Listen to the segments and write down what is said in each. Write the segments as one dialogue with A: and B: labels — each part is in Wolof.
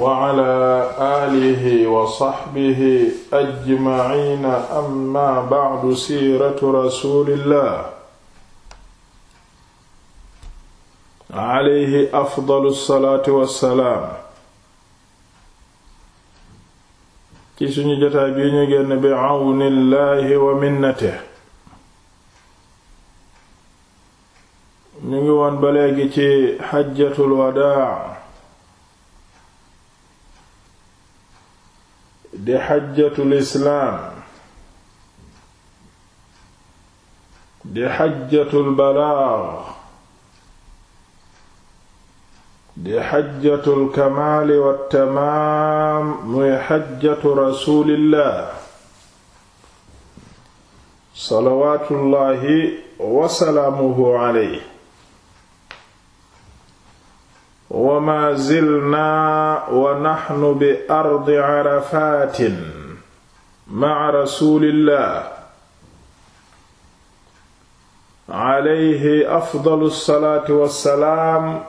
A: wa ala aalihi wa saxbihi ajmaciina amma bacdu siiratu rasuulillah alayhi afdalu salaatu wa salaam. ci suñu jotaay bi ñu génn bi cawnillahi wa minnatihi. ñu ngi woon ba léegi ci xajjatul wadaa. di xajjatul islaam di xajjatul balaag di xajjatul kamaali wa tamaam muy xajjatu rasuulillah salawaatullaahi wa salaamuhu alayhi wa ma zilnaa wa naxnu bi ardi arafatin ma'a rasulillah alayhi afdalu salaati wa salaam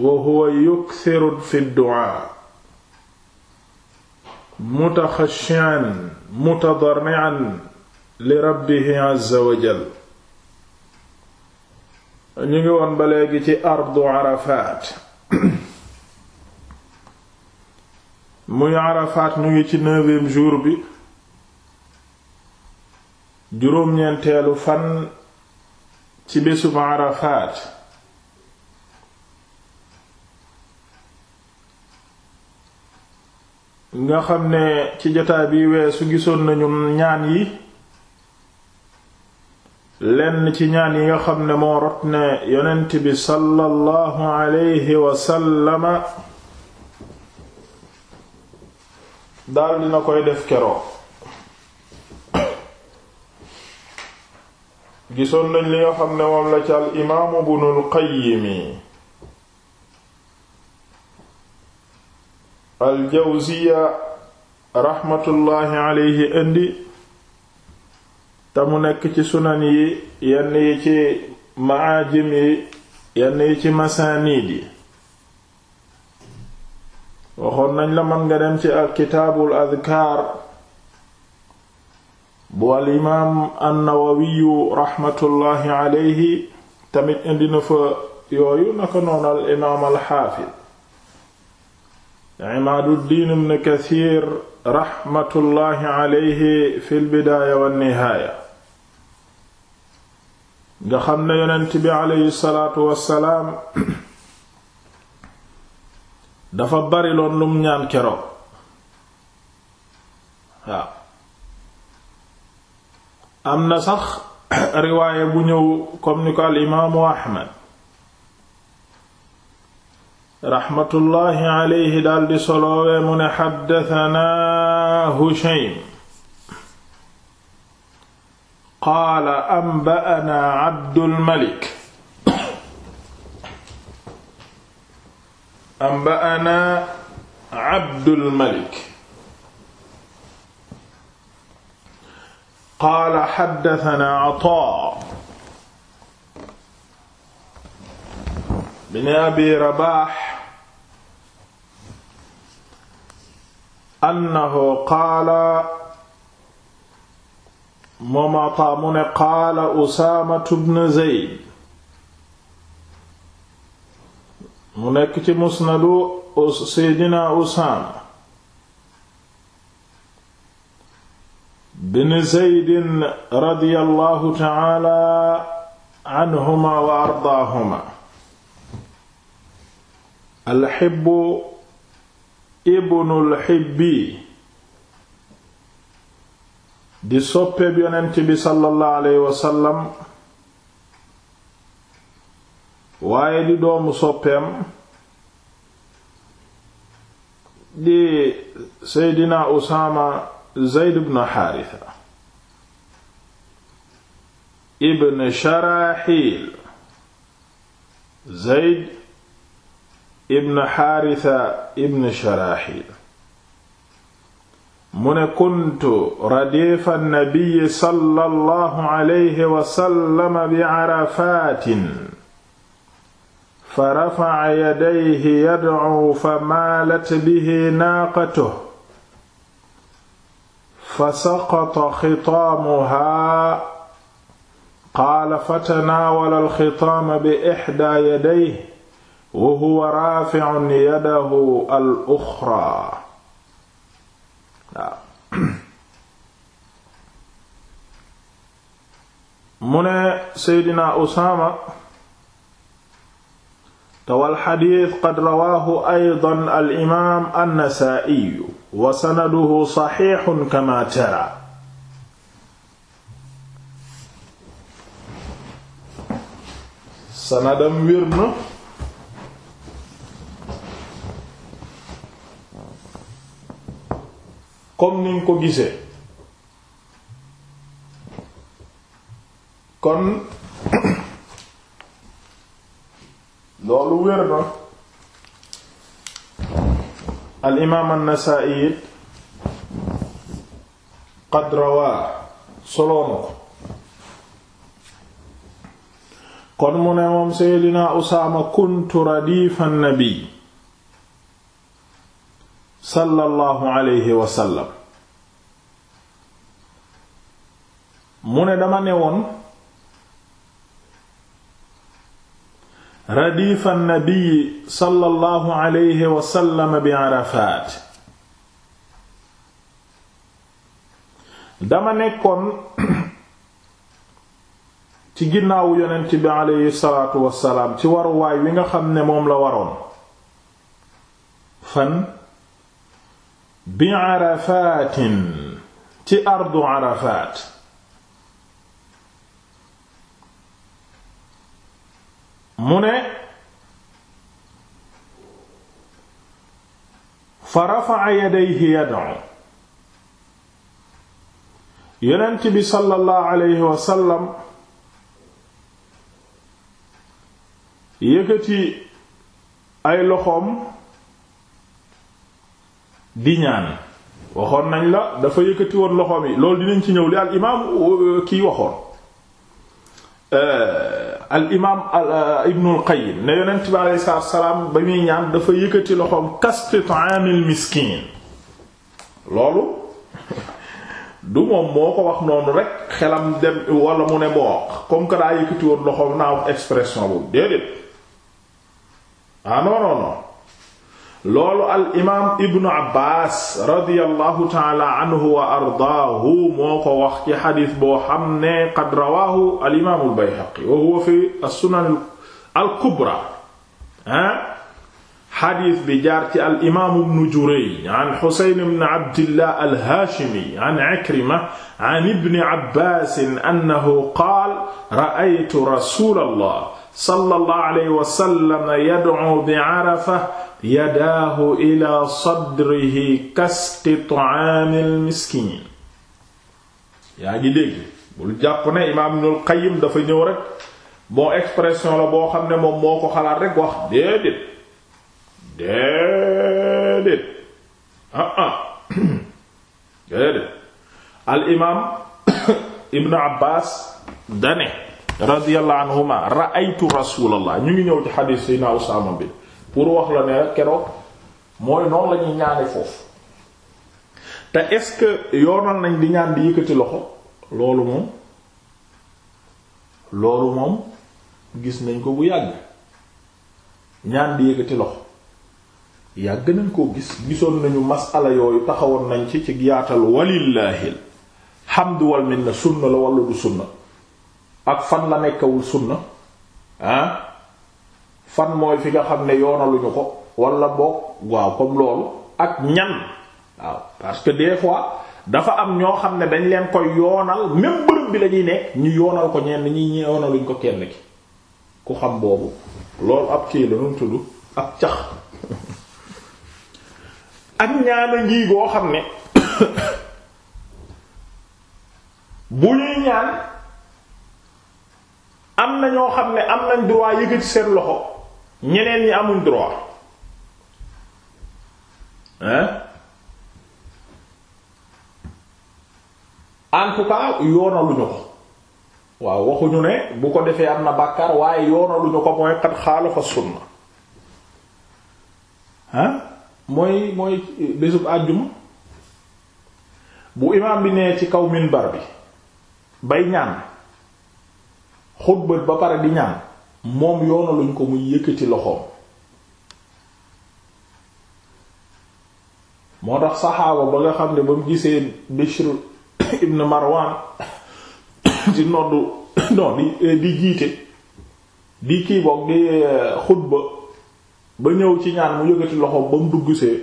A: wa huwa yukthiru fi du'aa mutaxashi'an mutadarri'an li rabbihi azza wa jal ñu ngi woon ba léegi ci ardu arafaat muy Arafat ñu ngi ci neuvième jur bi juróom-ñeenteelu fan ci bésub Arafat nga xam ne ci jotaay bi weesu gisoon nañu ñaan yi lenn ci ñaan yi nga xam ne moo rot ne yonent bi sallallahu alayhi wa daal dina koy def keroog gisoon nañ li nga xam ne moom la ci al imaamu Ibnul Qayyim te mu nekk ci sunan yi yenn yi ci maajim yi yenn yi ci masaaniid yi waxoon nañ la mën ci kitaabul adkaar bu al imaam annawawiyu tamit indi fa yooyu naka noonu al imaam alxaafid imaaduddiin ibn kasiir raxmatullaahi aleyhi fi lbidaaya wannihaaya nga xam ne yonent bi aleyhi wassalaam dafa bari loon lum ñaan keroog waaw am na sax riwaaye bu ñëw comme ni ko al imaamu ahmad raxmatullaahi aleyhi daldi solowee mu ne xaddatanaa hushaym qaala anba'anaa abdul anba'ana Abdul Malik qaala haddathana Ataa bin Abi Rabaax annahu qaala moom Ataa mu ne qaala Usaamatu bnu Zayd mu nekk ci musnadu seydina usaama bin zeydin radiyallahu taala anhuma wa ardaahuma alxibbu ibnu lxibbi di soppeeb yonent bi sallallahu alayhi wasallam waaye di doomu soppeem di seydina usaama zeyd bnu xaarisa ibn sharaxiil zeyd ibn xaarisa ibn sharaxiil mu ne kuntu radifa nabiyi bi arafaatin fa rafaca yadayhi yadcuu fa maalat bihi naaqatuhu fa saqata xitaamuhaa qaala fatanaawala alxitaama bi ixdaa yadayhi wa huwa raaficun yadahu al-uxraa mu ne Seydina Usaama tawal xadiis qad rawaahu aydan al imaam annasaa'iyu wa sanaduhu saxiixun kamaa taraa sanadam wér na comme niñ ko gisee kon loolu wér na al imaam an-Nasaa'i qad rawaa soloona kon mu ne moom seydina Usaama kuntu radiifa an-nabi sallallahu alayhi wa mu ne dama ne woon radifa nabiyi sallallahu alayhi wa sallam bi Arafat dama nekkoon ci ginnaawu yonent bi aleyhi salaatu wassalaam ci waruwaay wi nga xam ne moom la waroon fan bi arafaatin ci ardu arafaat mu ne fa rafa'a yadayhi yad'u yonent bi sallallahu alayhi wa sallam yëkkati ay loxoom di ñaan waxoon nañ la dafa yëkkati woon loxoom yi loolu dinañ ci ñëw li al imaam euh, kii waxoon euh, al imaam euh, Ibnul Qayyim ne yonent bi alayhi salaam ba muy ñaan dafa yëkkati loxoom kastitaamil miskiin loolu du moom moo ko wax noonu rek xelam dem wala mu ne booq comme que daa yëkkati woon loxoom naa expression bu déedéet ah non non non loolu al imaam ibnu abbaas radiyallahu taala anhu wa ardaahu moo ko wax ci xadis boo xam ne qad rawaahu al imaamul bayhaqi wa huwa fi as-sunan al kubra ah xadis bi jaar ci al imaam ibnu jurayj an xusayn ibn abdillah al haashimi an ikrima an ibni abbaas annahu qaal ra'aytu rasuulallah sallallahu alayhi wa sallam yad'u bi arafa yadaahu ila sadrihi kastitaamil miskiin yaa ngi dégg bul jàpp ne imaam Ibnul Qayyim dafa ñëw rek bon expression la boo xam ne moom moo ko xalaat rek wax déedéet déedéet ah ah déedéet al imaam Ibn Abbas dane radiyallahu anhuma ra'aytu rasulallah ñu ngi ñëw ci xadiis Seydina Usaama bi pour wax la ne keroog mooy noonu la ñuy ñaane foofu te est-ce yoonal nañ di ñaan di yëkkati loxo loolu moom loolu moom gis nañ ko bu yàgg ñaan di yëkkati loxo yàgg nañ koo gis gisoon nañu masala yooyu taxawoon nañ ci ci yaatal walillahil hamdu wal minna sunna la walla du sunna ak fan la nekkawul sunna ah? fan mooy fi nga xam ne yoonaluñu ko wala boog waaw ko loolu ak ñan waaw parce que des fois dafa am ñoo xam ne dañ leen koy yoonal même bërëb bi la ñuy nekk ñu yoonal ko ñenn ñi yoonaluñ ko kenn ki ku xam boobu loolu ab kii la ñu tudd ab cax ak ñaana ngii goo xam ne bu ñuy ñaan am na ñoo xam ne am nañ droit yëkkati seen loxo ñeneen ñi amuñ droit hein en yoonaluñu ko waaw waxuñu ne bu ko defee am na bàkkaar waaye yoonaluñu ko mooy xat xaalafa sunna hein mooy mooy bésub àjjuma bu imaam bi nee ci kaw minbar bi bay ñaan xutba ba pare di ñaan moom yoona luñ ko muy yëkkati loxoom moo tax saxaaba ba nga xam ne ba mu gisee Bishr ibn Marwan di noddu non di di jiite di kii di eh, xutba ba ñëw ci ñaan mu yëkkati loxoom ba mu duggsee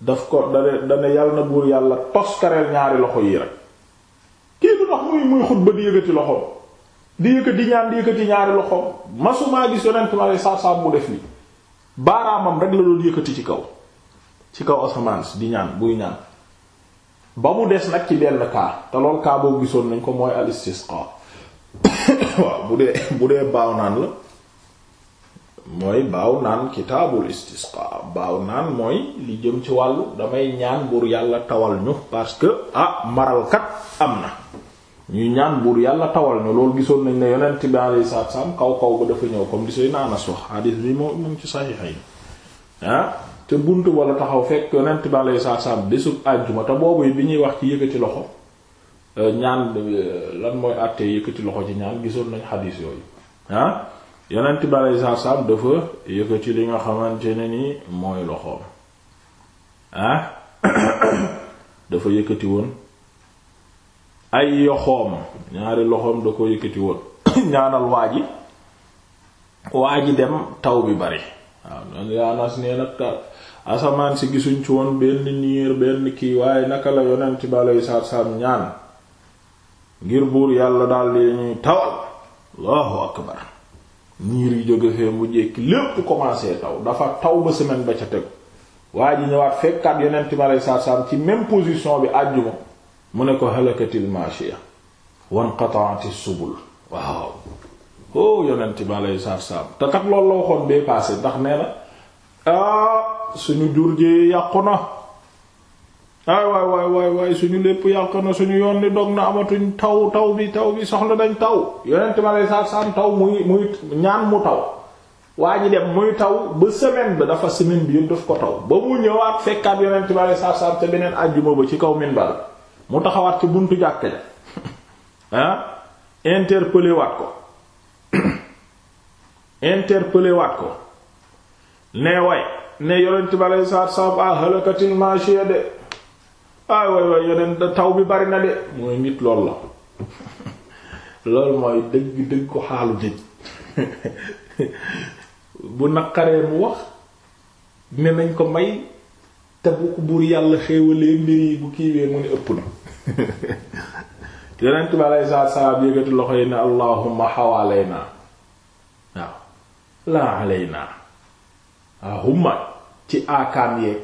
A: daf ko dane dane yàlla na buur yàlla toskareel ñaari loxo yi rek kii du tax muy xutba di yëkkati loxoom di yëkkati ñaan di yëkkati ñaari loxoom masumaa gis yonent ma lay saab-saab bu def li baaraamam rek la doon yëkkati ci kaw ci kaw asamaan di ñaan buy ñaan ba mu des nag ci benn kaa te lool kaa boobu gisoon nañ ko mooy al istisqa waaw bu dee bu dee baaw naan la mooy baaw naan kitaabul istisqa baaw naan mooy li jëm ci wàllu damay ñaan buur yàlla tawal ñu parce que ah maralkat am na ñuy ñaan buur yàlla tawal na loolu gisoon nañ ne yonent bi alayhi salaatu salaam kaw kaw ba dafa ñëw comme di say naanas wax hadis bi moo mu ngi ci saxiixa yi ah te bunt wala taxaw fekk yonent bi alayhi salaatu salaam desub àjjuma te boobu bi ñuy wax ci yëkkati loxo euh, ñaan euh, lan mooy àttee yëkkati loxo ci ñaan gisoon nañ hadis yooyu ah yonent bi alayhi salaatu salaam dafa yëkkati li nga xamante ne ni mooy loxoom ah dafa yëkkati woon ay yoxoom ñaari loxoom da ko yëkkati woon ñaanal waa ji waa ji dem taw bi bari waaw noonu yaanaas nee nag asamaan si gisuñ ci woon benn niir benn kii waaye naka la yonent bi aleyhi salaatu salaam ñaan ngir buur yàlla daldi ñuy tawal allahu akbar niir yi jóge fee mu jékki lépp commencé taw dafa taw ba semaine ba ca tegu waa ji ñëwaat fekkaat yonent bi aleyhi salaatu ci même position bi àjjuma mu ne ko halakatil maashiya wanqata'atis subul waaw oh yonent bi alayhi salaam te kat loolu la waxoon bee paase ndax nee na ah suñu jur ji yàqu na ay waay waay waay suñu lépp yàqu na suñu yoon ni dog na amatuñ taw taw bi taw bi soxla dañ taw yonent bi alayhi salaam taw muy muy ñaan mu taw waa ñi dem muy taw ba semaine bi dafa semaine bi yëpp daf ko taw ba mu ñëwaat fekkaat yonent bi alayhi salaam te beneen àjjuma ba ci kaw min minbar mu taxawaat ci buntu jàkk ja ah waat ko interpellé waat ko ne way ne yonent bi aleyhi salaatu ah halakatil maashiya de ay way yonent taw bi bari na de mooy nit lool la loolu mooy dëgg dëgg ko xaalu nit bu naqaree mu wax ne nañ ko may te bu ko buur yàlla xéewalee mbir yi bu kiiwee mu ne ëpp na yonent bi aleyhi salaatu salaam yëgati loxo yi ne allahumma waaw laa aleynaa ci aakaam yeeg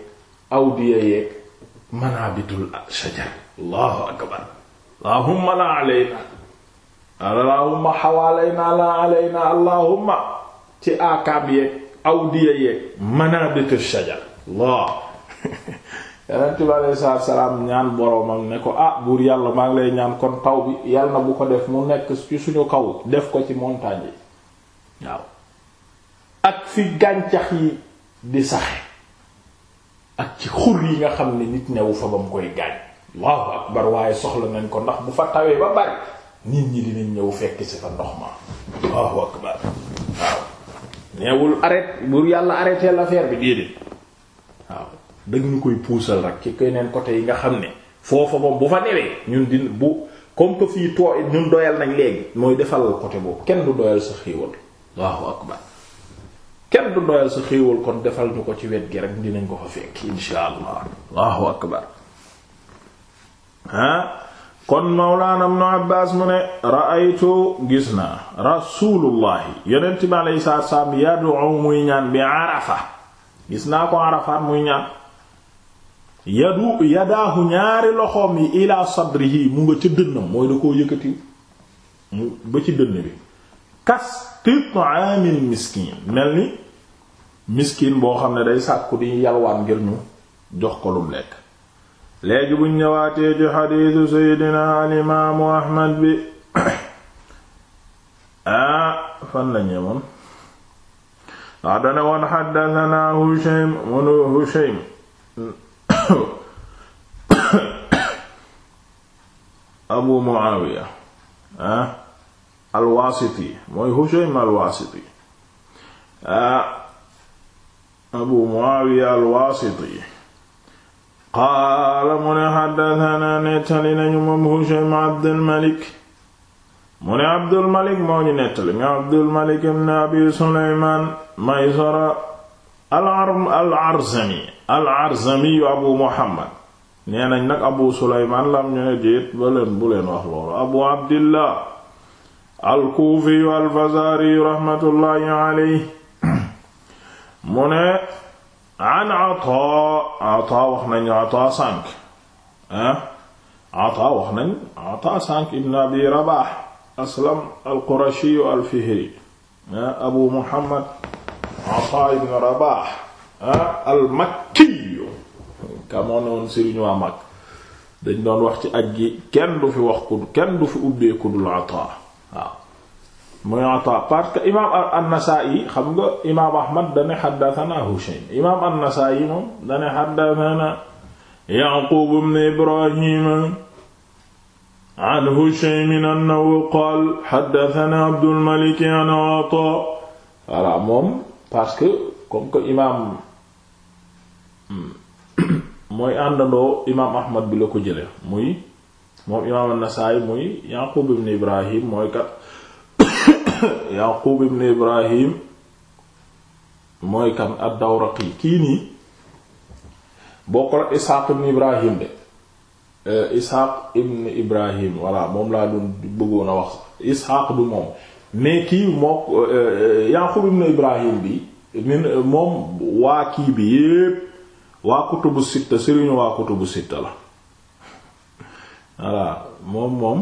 A: awdiya yeeg manaabitul shajar allahu akbar laa aleynaa allahumma xawaleynaa laa aleynaa allahumma ci aakaam yeeg awdiya yeeg manaabitul yonent bi aleyhi salaatu salaam ñaan boroomam ne ko ah buur yàlla maa ngi lay ñaan kon taw bi yàlla bu ko def mu nekk ci suñu kaw def ko ci montagne yi waaw ak fi gàncax yi di saxe ak ci xur yi nga xam ne nit newu fa ba mu koy gaañ waaw akbar waaye soxla nañ ko ndax bu fa tawee ba bari nit ñi dinañ ñëw fekk ci fa ndox ma waaw akbar waaw neewul arrêté buur yàlla la l'affaire bi déedéet waaw dañu koy puusal rek ci keneen côté yi nga xam ne foofa moom bu fa newee ñun di bu comme que fii too ñun doyal nañ léegi mooy defal côté boobu kenn du doyal sa xéewal waaw akbar kenn du doyal sa xéewal kon defal ñu ko ci wet gi rek dinañ ko fa fekk insha allah waaw akbar ah kon mawlaana ibnu abbaas mu ne ra'aytu gis naa rasuulullahi yonent bi alayhi salaatu wa salaam yad'u muy ñaan bi arafa gis naa ko arafaat muy ñaan yadu yadaahu ñaari loxoom yi ila sadrihi mu nga ca dënnam mooy da koo yëkkati mu ba ci dënn bi kas tit'amil miskin mel ni miskin boo xam ne day sàkku di yalwaan ngir ñu jox ko lum lekk léegi buñ ñëwaatee ci xadiisu seydina alimaamu ahmad bi ah fan la ñeemoon ndax ah, dane woon xaddasanaa hushaym munu hushaym abu muawiya ah alwaasiti mooy hushaym alwaasiti ah abu muawiya alwaasiti qaala mu ne xaddatanaa nettali nañu moom hushaym abdulmalik mu ne abdulmalik moo ñu nettali nga abdulmalik ibn abi suleymaan maysara al-Arzami al-Arzami abu muhammad nee nañ nag abu suleymaan lam ñu ne déet ba leen bu abu abdillah al al-Fazaari raxmatullaahi alayhi mu an Ataa Ataa wax nañ abi Rabaax aslam al-Qurashi al-Fihri abu muhammad Ata ibn Rabah ah, al-Makki kamoo ne woon sëriñu waa mag dañ doon wax ci aj gi kenn du fi wax ku kenn du fi ubbee ku dul Ata waaw mooy Ata parce que imaam an-Nasaa'i xam nga imaam Ahmad dane haddathana Hushaym imaam an-Nasaa'i moom dane haddathana Ya'qub ibn Ibrahim an Hushaym annahu qaala haddathana Abdul Malik an Ata voilà moom parce que comme que imaam hmm, mooy àndandoo imaam ahmad bi la ko jële muy moom imaam an-Nasaa'i muy Yaqub ibn Ibrahim mooy kat Yaqub ibn Ibrahim mooy kan ad kii nii bokkul ak Isxaaq ibn Ibrahim de euh, Isxaaq ibn Ibrahim voilà moom laa doon bëggoon a wax Isxaaq du moom mais kii mook euh, euh, Yaqub ibn Ibrahim bi min moom waa kii bi yépp waa kutubu sitta sëriñu waa kutubu sitta la voilà moom moom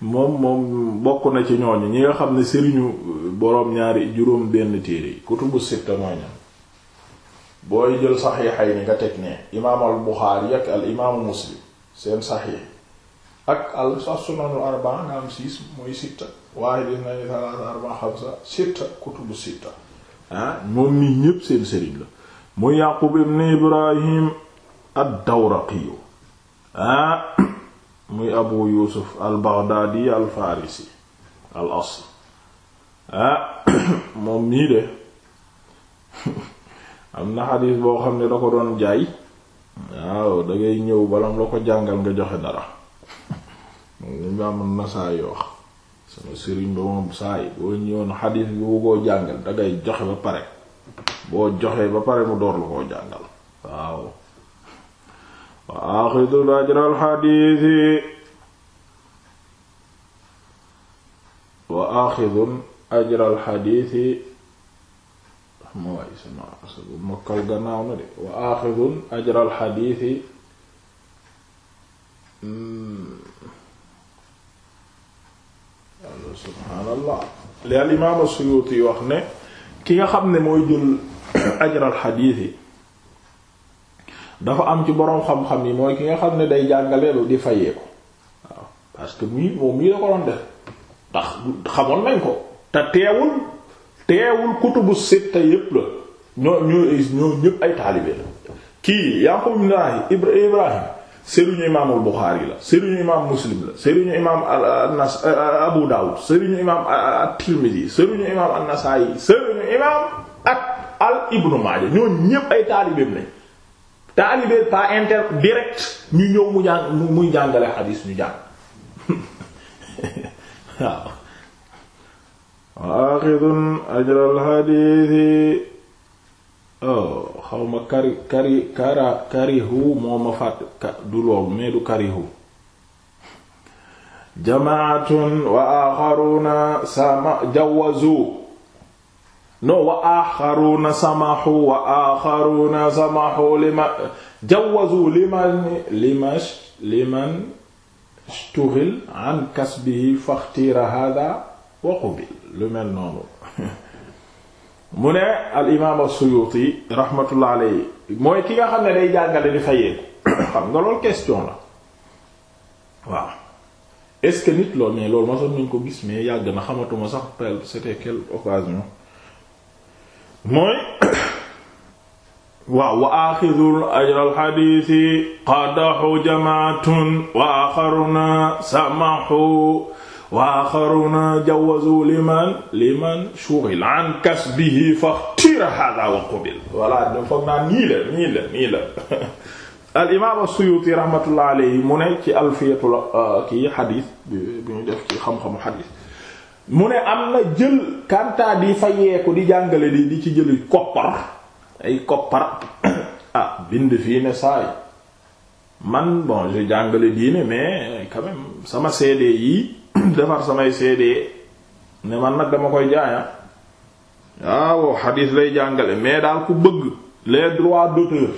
A: moom moom bokk na ci ñooñu ñi nga xam ne sëriñu boroom ñaari juróom benn téere yi kutubu sitta mooy ñan booy jël saxiixay ni nga teg ne imaam al ak al imaamu muslim seen saxiix ak al sunanul arbaa nga am siis mooy sitta waaye gis nañu salaasa arba xamsa sitta kutubu sitta ah moom mii ñépp seen sëriñ la mu yaqub ibn ibrahim ad-dawraqiyu ah, muy abu yusuf al-baghdadi al-farisi al-asl ah, moom mii de am na xadiis boo xam ne da ko doon jaay waaw dangay ngay ñëw balam la ko jàngal nga joxe dara moom li mu amoon nasaay sama sëriñ ba moom saa boo ñëwoon xadiis bi bu jàngal dangay joxe ba pare boo joxee ba pare mu door la koo jàngal waaw wa aaxidu ajral xadiisi wa aaxidun ajral xadiisi mooy sama gannaaw na de wa aaxidun ajral xadiisi hmm. subhaanallah li al imaam as yi wax ne ki nga xam ne mooy jël ajral xadiis yi dafa am ci boroom xam-xam yi mooy ki nga xam ne day jàngaleelu di fayee ko waaw parce que mii moom mii da ko doon def ndax xamoon nañ ko te teewul teewul kutubu sitta yépp la ñoo ñoo ñoo ay taalibe kii Yaqub ibn Ibrahim sëriñu imaamul Buxaari la sëriñu imaam Muslim la sëriñu imaam Anas eh, eh, Abu Dawud sëriñu imaam eh, At-Tirmidhi sëriñu imaam An-Nasaa'i sëriñu imaam ak al Ibnu Maaja ñooñu ñépp ay taalibeem lañ taalibe par inter direct ñu ñëw mu jàng muy jàngale xadiis ñu jàng waaw waaxidun ajral xadiisi oh xaw ma kari kari kara karihu moo ma fàtt du loolu mais du karihu jamaatun wa axaruna sama jawazu non wa axaruna samahu wa axaruna samahu lima jawazu liman liman liman shtughil an kasbihi faxtira hada wa qubil lu mel noonu mu ne al imaam as-Suyuti rahmatullah alayhi mooy ki nga xam ne day jàngale di fayeeku xam question la waaw est nit loolu mais loolu ma sax nañ ko gis mais yàgg na xamatuma sax tel c'était quelle occasion mooy waaw wa aaxidul ajral xadiisi qadaxu jamaatun wa axaruna samaxu wa axaruna jawazu liman liman shughil an kasbihi faxtira hada wa qubil voilà nii la nii la nii la al imaam as-Suyuti rahmatullah alayhi mu ne ci alfiyatul euh, kii xadiis bi ñu def ci xam-xamu xadiis mu ne am na jël kantaa di fayeeku di jàngale di di ci jëli koppar ay koppar ah bind fii ne saay man bon je jàngale diine mais quand sama seede yi defar samay seede ne man nag dama koy jaaya waaw xadiis lay jàngale mais daal ku bëgg les droits d'auteur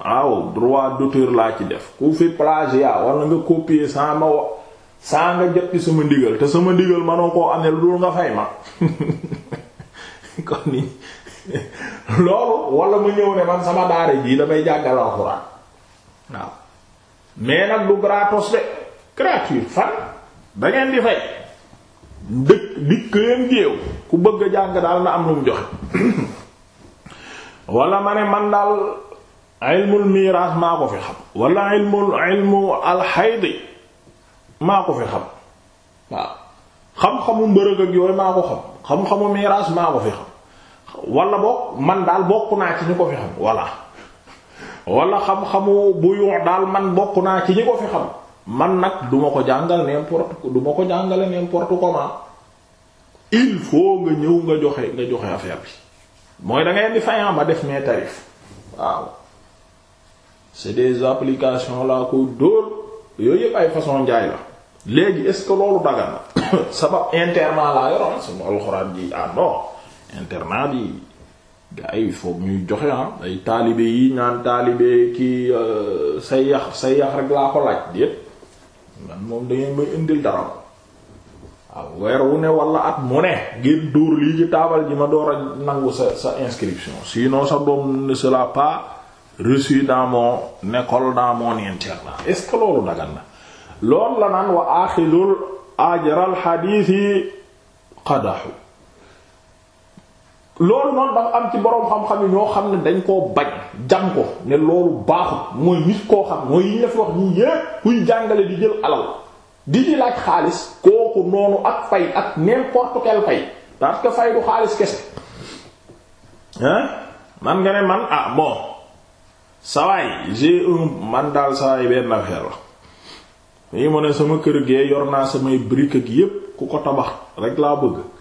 A: waaw droit d'auteur laa ci def ku fi plagiat wala nga copier sans ma wo sans nga jot ci sama ndigal te sama ndigal manoo koo amee lu dul nga fay ma kon ni loolu wala ma ñëw ne man sama daara jii damay jàngal alxuraan waaw mais nag du gratos de gratuit fan da ngeen di fay dëkk dikk leen géew ku bëgg a jàng daal na am lu mu joxe wala ma ne man daal ilmul miraas maa ko fi xam wala ilmul xam xamu mbërëg ak yooyu maa ko xam xam-xamu miraas maa ko fi xam wala bokk man daal bokk naa ci ñu ko fi xam wala wala xam-xamu bu yox daal man bokk naa ci ñi ko fi xam man nag duma ko jàngal n'importe du ma ko jàngale n'importe comment il faut nga ñëw nga joxe nga joxe affaire bi mooy da di fayan ma def mes tarifs waaw c'est des applications là ko dóor yooyu yëpp ay façon njaay la léegi est-ce que loolu dagan na sabab internat laa yoroon sama alxuraan ji ah non internat bi gars yi foog ñuy joxe ah ay taalibe yi ñaan taalibe ki euh, say yax say yax rek laa ko laaj déet man moom dangeen may indil dara ah, weer wu ne wala at mu ne ngeen dóor lii ci taabal ji ma door a nangu sa sa inscription sinon sa doom ne sera pas reçu dans mon école dans internat est loolu dagan na loolu la naan wa aaxilul ajral xadiis yi loolu noonu dafa am ci boroom xam-xam yi ñoo xam ne dañ koo bañ jam ko ne loolu baaxut mooy nit koo xam mooy yi ñu fi wax ñii yépp kuy jàngale di jël alal di ci ak xaalis kooku noonu ak fay ak n'importe quel fay parce fay du xaalis kese hein man nga ne man ah bon sawaay j'ai un man daal sawaay benn sama kër gee yor naa samay brique ak yépp ku ko tabax rek laa bëgg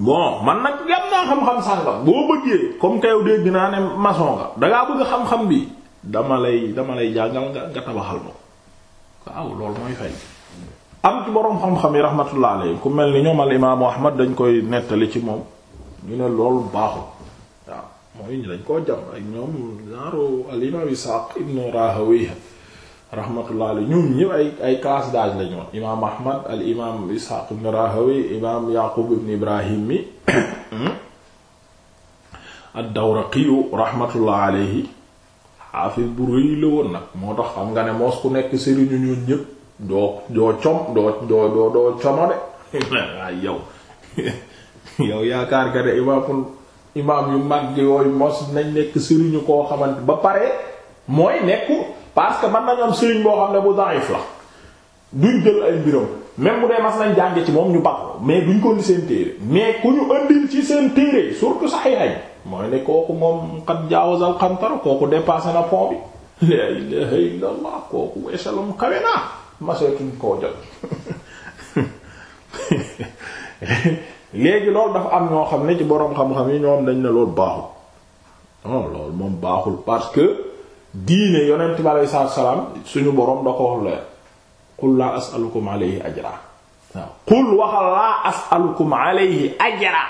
A: bon man nag yam naa xam-xam sàngam boo bëggee comme kayow dégg naa ne maçon nga dangaa bëgg xam-xam bi dama lay dama lay jàngal nga nga tabaxal ma waaw loolu mooy fay am ci boroom xam-xam yi rahmatullah alayhi ku mel ni ñoom dañ koy nettali ci moom ñu ne loolu baaxul waaw dañ koo jam ak rahmatullah alayhi ñoom ñëpp ay ay classe d'âge imaam ahmad al imaam ishaq ibn rahawi imaam yaqub ibn ibrahim mi ad-dawraqiyu rahmatullah alayhi xaafis bu rëy la woon nag moo tax xam nga ne moos ku nekk sëriñu ñun ñëpp doo doo com doo doo doo doo comode waaye yow yow yaakaar nga ne imaamul imaam yu mag yooyu mos nañ nekk sëriñu koo xamante ba pare mooy nekku parce que mën na am sëriñ boo xam ne bu daif la duñ jël ay mbiram même bu dee mas nañ jànge ci moom ñu bàq mais duñ ko ni seen téere mais ku ñu andil ci seen téere surtout saxiixañ mooy ne kooku moom xat jaawazal xantara kooku dépassé na pont bi la ilaha illa allah kooku échelon kawe naa koo jot léegi loolu dafa am ñoo xam ne ci boroom xam-xam yi ñoom dañ ne loolu baaxul non loolu moom baaxul parce que diine yonent bi aleyhi salaatu salaam suñu boroom da ko wax leer qul laa as'alukum alayhi ajra waaw qul waxal laa as'alukum alayhi ajra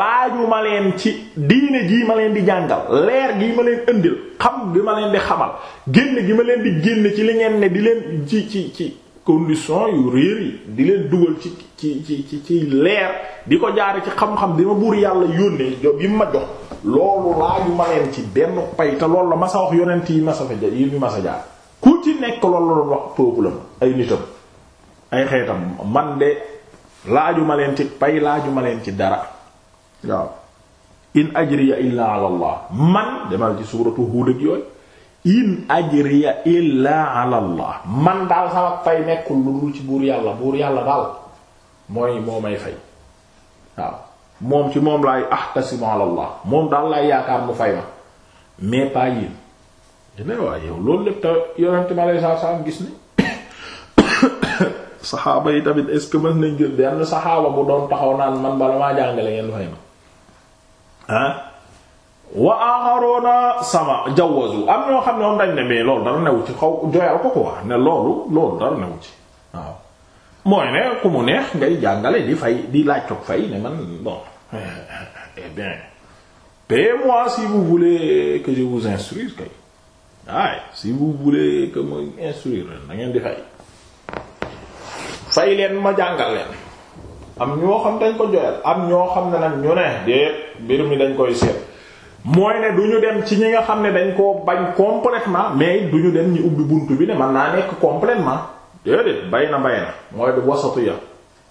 A: laaju leen ci diine gi ma leen di jàngal leer gi ma leen indil xam bi ma leen di xamal génn gi ma leen di génn ci li ngeen ne di leen ci ci ci condition yu réer yi di leen dugal ci ci ci ci ci leer di ko jaare ci xam-xam di ma buur yàlla yónnee jo ma jox loolu laaju leen ci benn pay te loolu la ma sa wax yonent yi ma sa fa yi bi ma jaar ku ci nekk loolu la doon wax peuple ay nitam ay xeetam man de laaju ma leen ci pay laaju ma leen ci dara waaw in ajriya illa ala allah man demal ci suuratu Huud yooyu in ajriya illa ala man daal sama fay nekkul lu dul ci buur yàlla buur yàlla daal mooy moo may fay waaw moom ci moom laay ahtasimu ala moom daal laay yaakaar mu fay ma mais pas yéen dina waaye yow loolu lépp te yonente mi alei satu salaam gis ne saxaaba yi tamit est-ce que mën nañ jël benn saxaaba bu doon taxaw naan man bala maa jàngale ngeen fay ma ah? wa axaroona sama jawazu am ñoo xam ne moom dañ ne mais loolu dara newu ci xaw joyal ko ko wax ne loolu loolu dara newu ci waaw mooy ne ku mu neex ngay jàngale di fay di laaj toog fay ne man bon eh bien si vous voulez que je si vous voulez que ma instruire ngeen di fay fay leen ma jàngal leen am ñoo xam dañ ko joyal am ñoo xam ne nag ñu ne de mbir mi dañ koy seet mooy ne du ñu dem ci ñi nga xam ne dañ koo bañ complètement mais du ñu dem ñu ubbi buntu bi ne man naa nekk completement déedéet bay na bay mooy du wasatu ya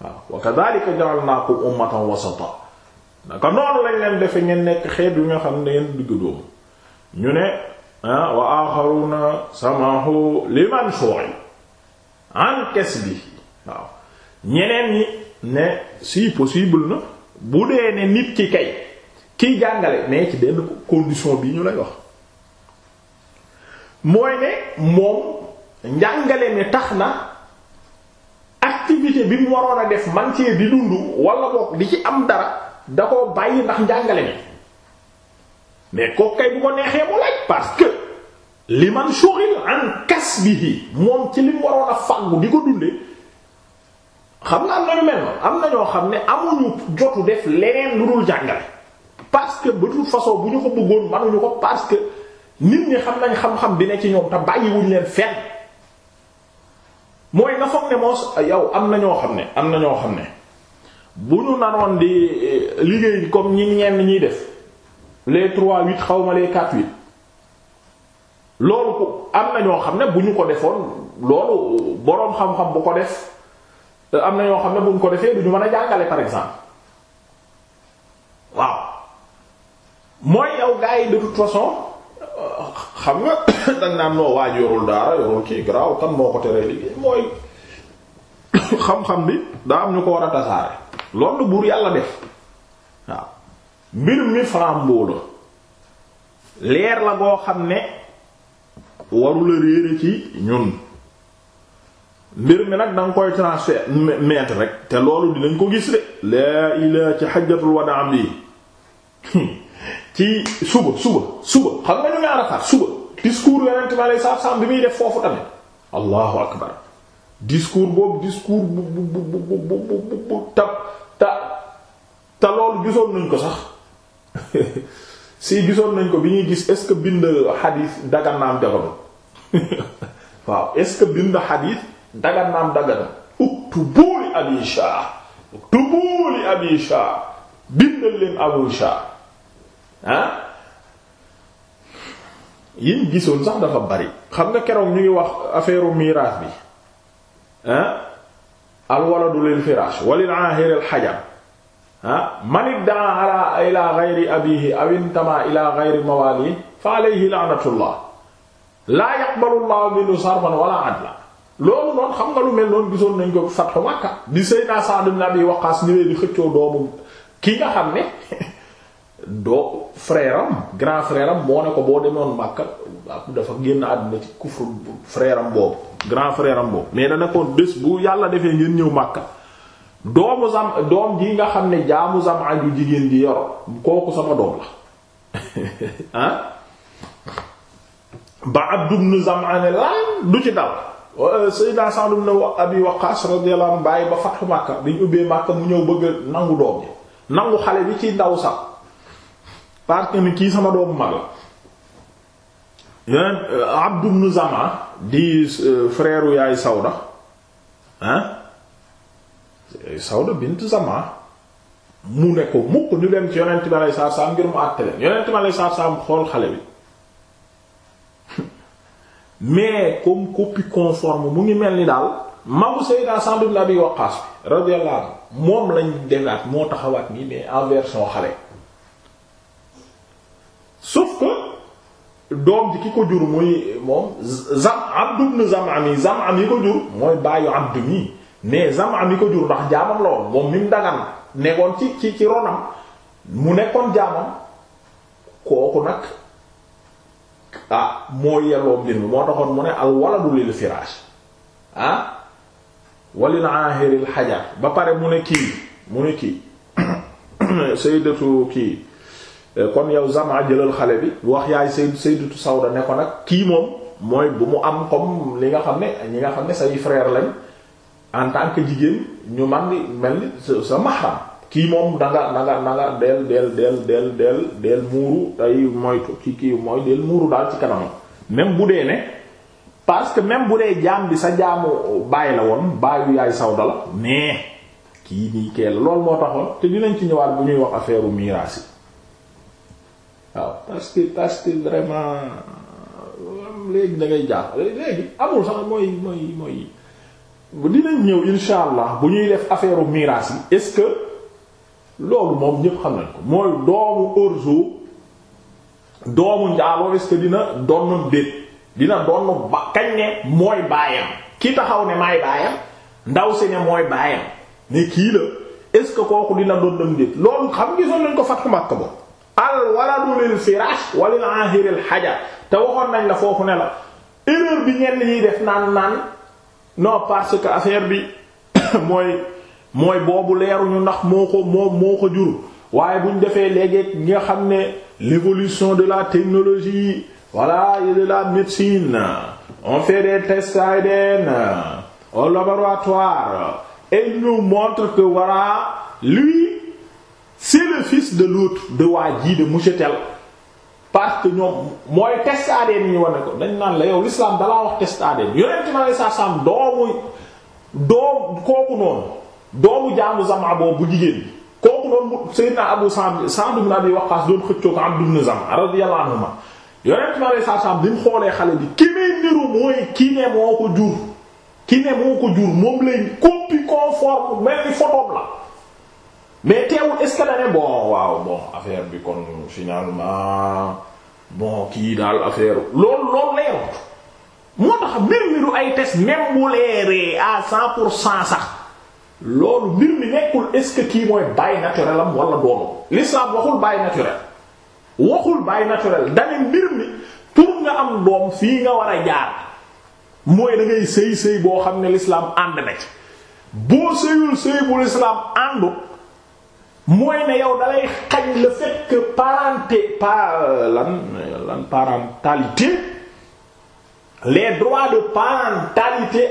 A: waaw wa kadhalika ja'alnakum ummatan wasata naka noonu lañ leen defe ngeen nekk xeet yu xam ne ngeen digg dóomu ñu ne wa axaruna samahu liman shu'i an kasbi waaw ñeneen ñi ne si possible na bu dee ne nit ki kay kiy jàngale mais ci benn condition bi ñu lay wax mooy ne moom njàngale mi tax na aktivité bi mu waroon a def man ci di dund wala boog di ci am dara da koo bàyyi ndax njàngale mi mais kooku bi ko neexee mu laaj parce li man shughil an kasbihi moom ci li mu waroon a fàggu di ko dundee xam na am na ñu mel noonu am na ñoo xam ne amuñu jotu def leneen lu dul jàngale. parce que de toute façon bu ñu ko bëggoon manuñu ko parce que nit ñi xam nañ xam-xam bi ne ci ñoom te bàyyiwuñ leen fenn mooy nga foog ne moos ah, yow am na ñoo xam ne am na ñoo xam ne bu ñu naroon di eh, liggéey comme ñi ñenn ñiy def les trois huit xaw ma les quatre huit loolu ko am na ñoo xam ne bu ñu ko defoon loolu boroom xam-xam bu ko def eh, am na ñoo xam ne bu ñu ko defee du ñu mën a jàngale par exemple. mooy yow gars yi de façon euh, xam nga dañ naan noo waaj yorul daara yorul kii garaaw kan moo ko teree liggéey mooy xam-xam bi daa am ñu ko war a tasaare loolu buur yàlla def waaw mbir mi flambeau la leer la boo xam ne warula réere ci ñun mbir mi nag da nga koy transfert mettre rek te loolu dinañ ko gis de laa ilaa ci xajatul wadaa bi hmm. ci suba suba suba xam nga ñu ngi Arafat suba discours yonent bi alayhi salaatu salaam bi muy def foofu tamit allahu akbar discours boobu discours bu bu bu bu bu bu loolu gisoon nañ ko sax si gisoon nañ ko bi ñuy gis est-ce que bind xadiis dagan naam daganul waaw est-ce bind xadiis dagan naam daganul uktubu li abi shah uktubu li abi bindal leen abu shah ah yiñ gisoon sax dafa bari xam nga keroog ñu wax affaire miraas bi ah alwaladu lil firaash walil aahir al xajam ah man iddaa aw intama ila gayri mawali fa alayhi laanatullah laa yaqbalu llahu minhu wala adla loolu noonu xam nga lu mel noonu gisoon nañ ko fatxu Makka di Seydina Sa'd ibn Abi Waqqas ñëwee di xëccoo doomu ki nga xam ne doo frère am grand frère am moo ne ko boo demoon Makka dafa génn àdduna ci kufru frère am boobu grand frère boobu mais da nekkoon bés bu yàlla defee ngeen ñëw Makka doomu zam doom ji nga xam ne jaamu zam aju jigéen ji yoro kooku sama doom la du ci dal euh, Sayyidina Sa'd ibn Abi Waqqas radiyallahu anhu bàyyi ba fatxu Makka dañ ubbee Makka mu ñëw bëgg nangu doom ji nangu xale bi ci ndaw sax parce que kii sama doomu mag la yonent euh, Abdu ibn Zama di euh, frère yaay Sawda ah Sawda bint Zama mu ne ko mukk ñu dem ci yonent bi alayhi salaatu salaam ngir mu àtte leen yonent bi alayhi salaatu salaam xool xale bi mais comme copie conforme mu ngi mel ni daal magu Sayyida Sa'd ibn Abi Waqqas bi radiyallahu anhu moom lañ defaat moo taxawaat nii mais en version xale doom ji ki ko jur muy moom zam Abdu ibn Zam'am Zam'am yi ko jur mooy bàyyu Abdu mi mais Zam'am yi ko jur ndax jaamam la woon moom mi dagan nekkoon ci ci ci ronam mu nekkoon jaamam kooku nag ah moo yelloo mbir mi moo taxoon mu ne al waladu lil firaash xajar ah, ba pare mu ne kii mu ne kii sayyidatu kii Euh, kon yow Zama jëlal xale bi wax yaay Seydou Seydou Sawda ne ko nag kii moom mooy bu mu am comme li nga xam ne ñi nga xam ne say frère lañ en tant que jigéen ñu man ni mel ni sa mahram kii moom da nga da nga da nga del del del del del muuru day moytu kii mooy del muuru daal ci kanam même bu dee ne parce que même bu dee jaam bi sa jaamu bàyyi la woon bàyyu yaay Sawda la mais kii nii kee la loolu moo tax taxoon te dinañ ci ñëwaat bu ñuy wax affaire u miraas yi waaw parce que parce vraiment euh, léegi dangay ngay jaaxle léegi amul sax mooy mooy mooy bu dinañ ñëw insha allah bu ñuy def affaire miraas yi est-ce que loolu moom ñépp xam nañ ko mooy doomu orzo doomu njaaloo est dina donn déet dina donn ba kañ ne mooy baayam ki taxaw ne maay baayam ndaw si ne mooy baayam ne kii la est-ce que kooku dina donn déet loolu xam gisoon nañ ko Fathu Makka bo al waladu lil firaash walil ahiril hajar te waxoon nañ la foofu ne la erreur bi ñenn ñiy def naan naan non parce que affaire bi mooy mooy boobu leeruñu ndax moo ko moo moo ko jur waaye buñ defee léegi nga xam ne l'évolution de la technologie voilà et de la médecine on fait des tests ADN laboratoire et montre que voilà lui de l'autre de waa ji de monsieur tel parce que ñoom mooy test ADN ñu wane ko dañ naan la yow l'islam dalaa wax test ADN yonent ci ma saa saam doomu doom kooku noonu doomu jaamu Zama boobu bu jigéen bi kooku noonu Seydina Abu Sa'd Sa'd ibn Abi Waqqas doon xëccoo ko Abd ibn yonent ci ma saa saam bi mu xoolee xale bi ki may mooy ki ne moo ko jur ki ne moo ko jur moom lay copie conforme mel ni photo la. mais teewul est-ce que bon waaw bon affaire bi kon finalement bon kii daal affaire loolu loolu leerut moo tax mbir mi du ay test même bu leeree à cent pour cent sax loolu mbir mi nekkul est-ce que kii mooy bàyyi am wala doonu l'islam waxul bàyyi naturel waxul bàyyi naturel mbir mi pour nga am doom fii nga war a jaar mooy dangay ngay sëy sëy boo xam ne l'islam ànd na ci boo sëyul sëy bu l'islam àndu mooy ne yow dalay xañ le fait que parenté par lan de parentalité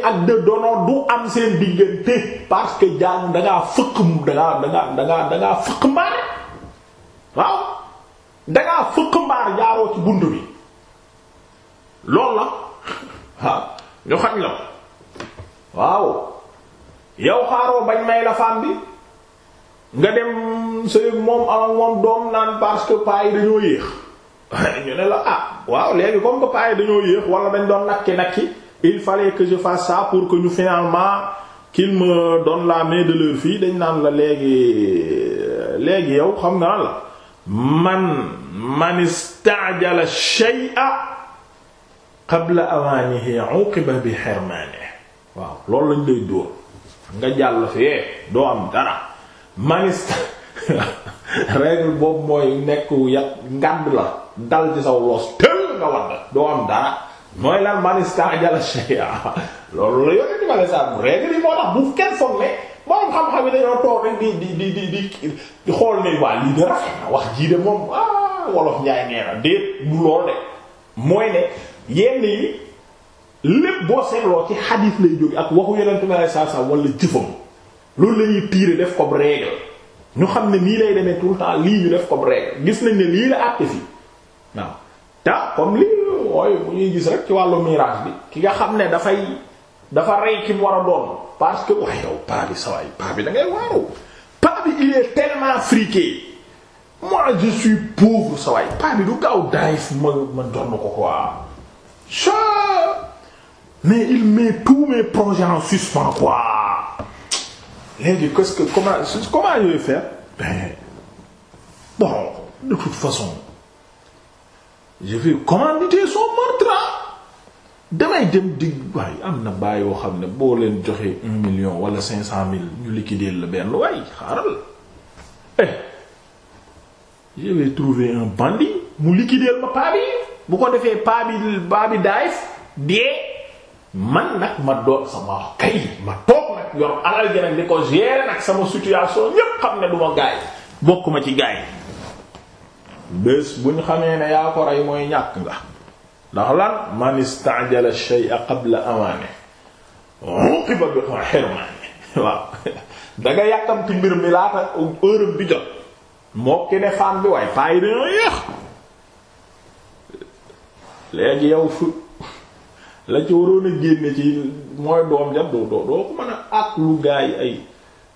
A: ak de donnoo du am seen diggante parce que jàng dangaa fëq dangaa dangaa dangaa dangaa fëq mbaar waaw dangaa fëq mbaar jaaroo ci bunt bi loolu la waaw ñu xañ la waaw yow xaaroo bañ may la bi nga dem sëy moom amal moom doom naan parce que paa yi dañoo yéex ñu ne la ah waaw léegi comme que paa dañoo yéex wala dañ doon nakki nakki il fallait que je fasse pour que ñu finalement qu'il me donne la main de dañ naan la léegi léegi yow xam nga la man man istajala shay'a qabla awanihi uqiba bi hirmanihi waaw loolu lañ lay dóor nga jàll fee doo am dara manista règle boobu mooy nekk yàq ngànd la dal ci saw loos tëll nga wadd doo am dara mooy lan manista jala shay'a ah. loolu la yooyu di ma sa règle yi moo tax bu kenn foog ne moom xam-xam yi dañoo toog rek di di di di xool ne waa lii de rafet na wax jii de moom ah wolof njaay nee na déet du lool de mooy ne yenn yi lépp boo seetloo ci xadiis lay jóge ak waxu yeneen tu saa saa wala jëfam loolu la ñuy def comme règle ñu xam ne nii lay demee tout temps lii ñu def comme règle gis nañ ne lii la àtte fii waaw te comme lii mooy bu ñuy gis rek ci wàllu miraas bi ki nga xam ne dafay dafa rey ki mu war a doon parce que waaye yow paa bi sawaay paa bi da ngay waaru paa bi il est tellement friqué moi je suis pauvre sawaay paa du gaaw daayif ma ma doon ko quoi il met tous mes léegi eh quest que comment comment yooyu faire ben de toute façon je vais commanditer son meurtre damay dem dig waay am na bàyyi yoo xam ne boo leen joxee un million wala cinq cent mille ñu liquider la benn waay xaaral eh je trouver un bandit mu liquider ma paa bi bu ko defee paa bi paa dee man nag ma doon sama kay ma toog nag yor alal ji nag di ko gérer nag sama situation ñépp xam ne du ma gaay bokkuma ci gaay bés bu ñu xamee ne yaa ko rey mooy ñàkk nga ndax lan man istajala shay'a qabla amaane uqiba bi hirmaane waaw danga yàkkamti mbir mi laata heure bi jot moo ne femme bi waaye paa yi dañoo yéex léegi yow fu lañ ci waroon a génne ci mooy doom ja doo doo doo ko mën a ak lu gaa yi ay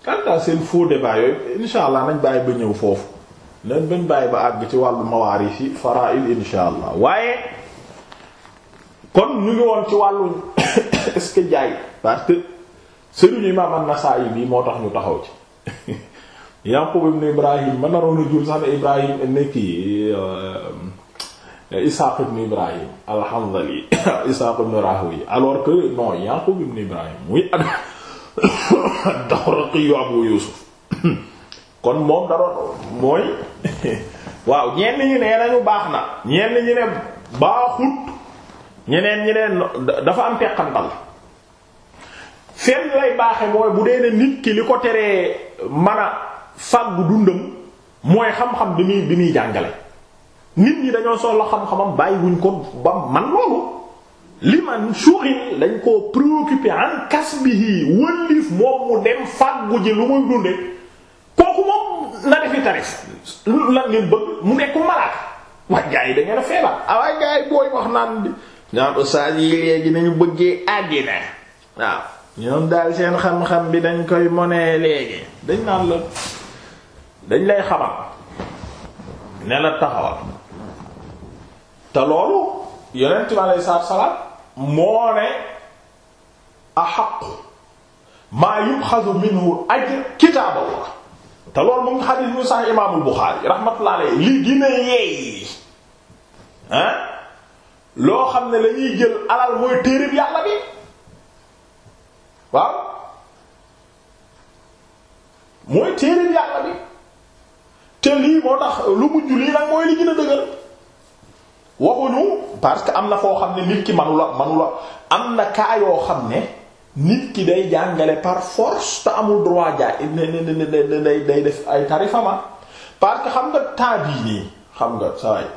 A: kantaa seen faux débat insha allah nañ bàyyi ba ñëw foofu nañ bañ bàyyi ba àgg ci wàllu mawaaris yi faraa'il insha allah waaye kon ñu ngi woon ci wàllu est-ce que jaay parce que sëriñu imaam an-Nasaa'i moo tax ñu taxaw ci Yaqub ibn Ibrahim ma naroon a jur sax ne Ibrahim nekk euh, Isaaq ibn Ibrahim al-Hanzali Isaaq ibn Rahwi alors que non Yaqub ibn Ibrahim muy ad-Dawraqi Abu Yusuf kon moom ne nañu baax na ñenn ñi ñeneen ñi dafa am teqantal fenn lay baaxe mooy bu dee ne nit ki li ko teree mën a dundam mooy xam-xam bi muy bi muy jàngale nit ñi dañoo soxla xam-xamam bàyyi wuñ ko ba man loolu li man suuxin dañ koo préoccupé an kasbihi wëllif moom mu dem fàggu lu muy dunde kooku moom na defi tarif lan bëgg mu nekku malaat waaye gars yi da a feebar ah waaye gars yi booy wax naan bi ñaan ustaas yi léegi nañu bëggee àddina waaw ñoom daal seen xam-xam bi dañ koy monee léegi dañ naan la dañ lay xamal ne taxawal te loolu yonent bi aleyhi salaam moo ne axaqu maa yubxasu minhu ajr moo te loolu mu ngi xadiis mu sax imaamul Buxaari rahmatullahi li gën yeey ah loo xam ne lañuy jël alal mooy téereb yàlla bi waaw mooy téereb yàlla bi te lii moo tax lu mujj lii nag mooy li gën dëgër waxuñu parce que am na foo xam ne nit ki manu la manu la am na kaa xam ne nit ki day jàngale par force te amul droit jaay day day def ay tarifama parce que xam nga temps bii nii xam nga saa yi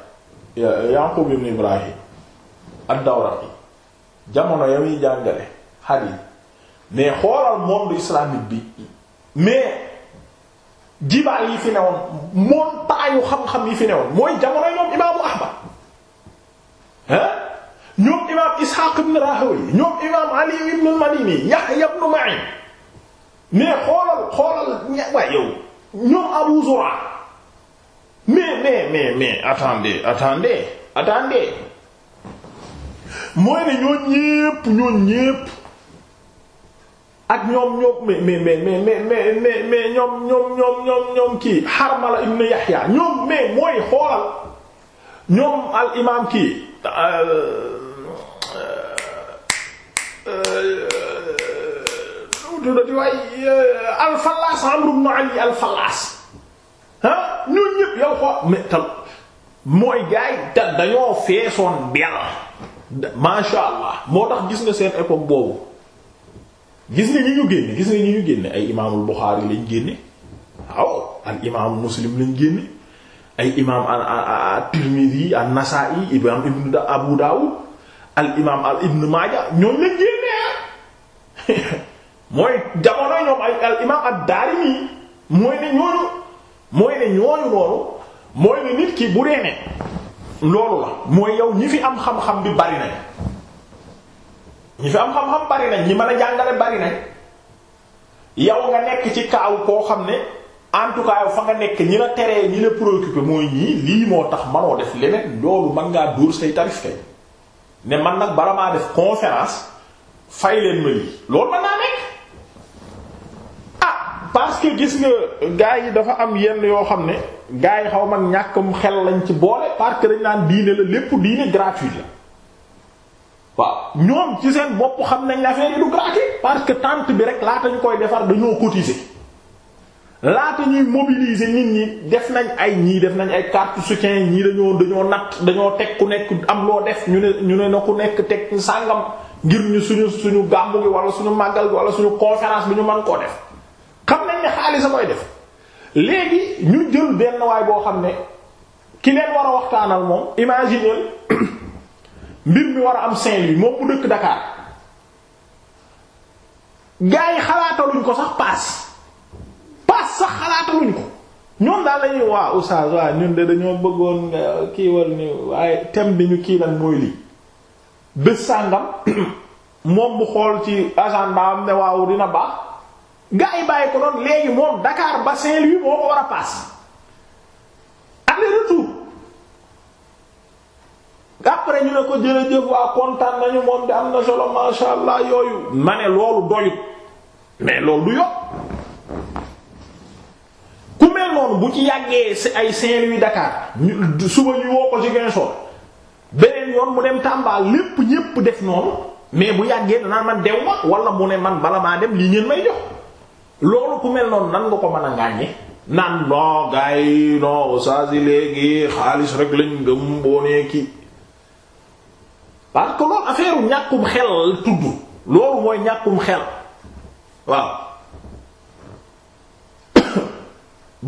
A: Yaqub ibn Ibrahim ad-Dawraqi jamono ya muy jàngale hadith mais xoolal monde islamique bi mais jibaal yi fi newoon montagne xam-xam yi fi newoon mooy jamono ñoom imaamu Ahmad ñoom imaam Ishaq ibn Rahowi ñoom imaam Ali ibn madini Yahya ibn Ma'in mais xoolal xoolal waaye yow ñoom Abu Zura mais mais mais mais attendez attendez attendez mooy ne ñoo ñépp ñoo ñépp ak ñoom ñoom mais mais mais mais ñoom ñoom ñoom ñoom ñoom kii Harmala ibn Yahya ñoom mais mooy xoolal ñoom al imaam kii. tudati waay alfallaas Amru ibn Ali alfallaas ah ñun ñëpp yow xoo mais tam mooy gars dañoo feesoon bien masha Allah moo tax gis nga seen époque boobu gis nga ñi ñu génne gis nga ñi ñu génne ay imaamul Buxaari lañ génne waaw al imaam Muslim lañ génne ay imaam at-Tirmidhi an-Nasa'i imaam ibn Abu Dawud al imaam al ibn Maaja ñoom la génnee ah. mooy jamono ñoom ay al imaam ad-Daarimi mooy ne ñooñu mooy ne ñooñu loolu mooy ne nit ki bu dee ne loolu la mooy yow ñi fi am xam-xam bi bari nañ ñi fi am xam-xam bari nañ ñi mën a jàngale bari nañ yow nga nekk ci kaaw koo xam ne. en tout cas fa nga nekk ñi la teree ñi la préoccupé mooy ñii lii moo tax manoo def leneen loolu man ngaa dóor say tarif kay ne man nag bala maa def conférence fay leen ma lii loolu mën naa nekk ah parce que gis nga gars yi dafa am yenn yoo xam ne gars yi xaw ma ñàkkum xel lañ ci boole parce que dañ naan diine la lépp diine gratuit la waaw ñoom ci seen bopp xam nañ affaire yi du gratuit parce que tente bi rek laata ñu koy defar dañoo cotiser. laata ñuy mobiliser nit ñi def nañ ay ñii def nañ ay carte soutien ñii dañoo dañoo natt dañoo teg ku nekk am loo def ñu ne ñu ne na ku nekk teg sàngam ngir ñu suñu suñu gàmmu gi wala suñu màggal gi wala suñu conférence bi ñu man koo def xam nañ ne xaalis sa koy def léegi ñu jël benn waay boo xam ne ki leen war a waxtaanal moom imaginer mbir mi war a am saint yi moom bu dëkk Dakar gars yi xalaataluñ ko sax paas xalaat sax xalaataluñ ko ñoom daal la ñuy waa oustaz waa de dañoo bëggoon kii war ni waaye thème bi ñu kii nag mooy lii bés sàngam moom bu xool ci agenda am ne waaw dina baax gaa bàyyi ko doon léegi moom Dakar ba Saint-Louis ne ko jërëjëf waa kontaan nañu moom di am na solo masha Allah yooyu ma ne loolu doyut mais loolu du yokk ku mel noonu bu ci yàggee si ay Saint-Louis Dakar ñu suba ñu woo ko Ziguinchor beneen yoon mu dem Tamba lépp ñépp def noonu mais bu yàggee naa man dew ma wala mu ne man bala maa dem lii ngeen may jox loolu ku mel noonu nan nga ko mën a ngàññe naan non gars yi saa si léegi xaalis rek lañ gëm boo nee kii parce que loolu affaire ñàkkum xel tudd loolu mooy ñàkkum xel waaw.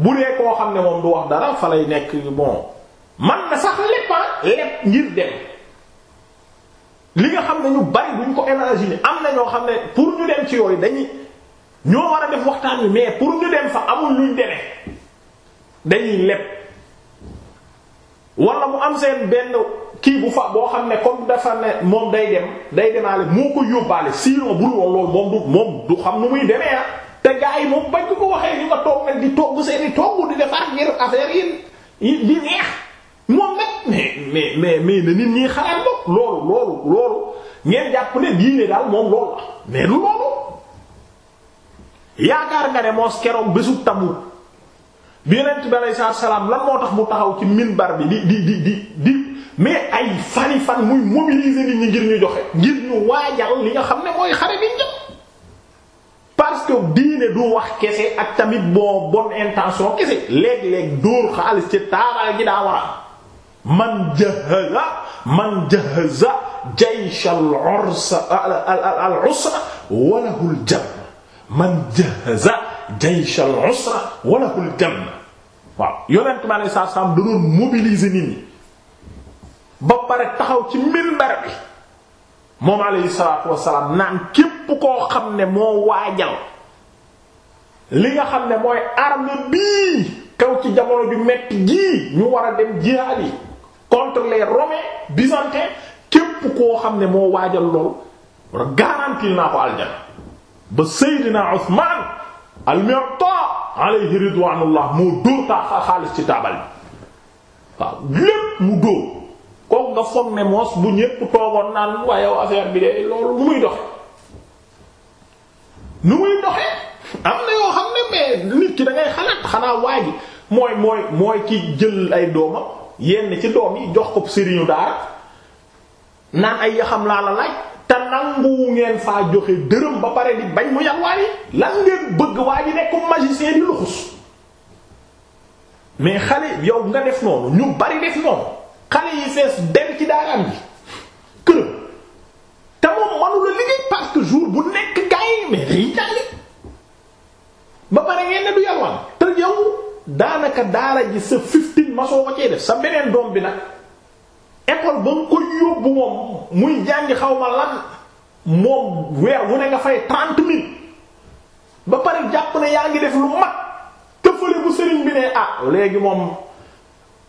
A: bu dee koo xam ne moom du wax dara fa lay nekk bon man na sax leppan lepp ah, ngir dem li nga xam ne ñu bari duñ ko imaginer am na ñoo xam ne pour ñu dem ci yooyu dañuy ñoo war a def waxtaan wi mais pour ñu dem fa amul luñ demee dañuy lepp wala mu am seen benn kii bu fa boo xam ne comme dafa ne moom day dem day demaale moo ko yóbbaale sinon bu dul woon moom du moom du xam nu muy demee ah. te gars yi moom bañ ko ko waxee ñu nga toog nag di togg seeni togg di defar ngir affaire yi di neex moom nag mais mais mais mais na nit ñi xalaat bopp loolu loolu loolu ngeen jàpp ne diine daal moom loolu la mais loolu yaakaar nga ne moos keroog bésu tamu bi yonent bi aleyhi salaam lan moo tax mu taxaw ci minbar bi di di di di mais ay fani fan muy mobiliser nit ñi ngir ñu joxe ngir ñu waajal li nga xam ne mooy xare bi ñu parce que diine du wax kese ak tamit bon bonne intention kese léeg-léeg dóor xaalis ci taabal gi daa war a man jahaza man jahaza jaysh al ursa al usra wa lahu al janna man jahaza jaysh al usra wa lahu al janna waaw yonent mi alayhi salaam da doon mobiliser nit ñi ba pare taxaw ci minbar bi moom alayhi salaatu wassalaam naan képp koo xam ne moo waajal li nga xam ne mooy arme bii kaw ci jamono ju metti jii ñu war a dem jihaad yi contre les romains byzantins képp koo xam ne moo waajal lool war garantir naa ko aljana ba Seydina Usmaan al-Mu'ta alayhi ridwaanullah moo dóor taa xaalis ci taabal bi waaw lépp mu dóor kooku nga foog ne moos bu ñépp toogoon naan waaye affaire bi de loolu nu muy doxe nu muy doxe am na yoo xam ne mais nit ki da xalaat xanaa waa ji mooy mooy mooy ki jël ay doomam yenn ci doom yi jox ko sëriñu daara naan ay yaxam laa la laaj te nangu ngeen faa joxe dërëm ba pare di bañ mu yàq waaye lan ngeen bëgg waa ji nekk magicien di luxus mais xale yow nga def noonu ñu bari def noonu. xale yi fees dem ci daaraam ji këram te moom manula liggéey parce que jour bu nekk gaa yi mais day jàngi ba pare ngeen ne du yalwaan te yow daanaka daara ji sa fifteen ma soo ko def sa beneen doom bi nag école ba nga ko yóbbu moom muy jàngi xaw ma lan moom weer mu ne nga fay trente mille ba pare jàpp ne yaa ngi def lu mag te bu sëriñ bi ne ah léegi moom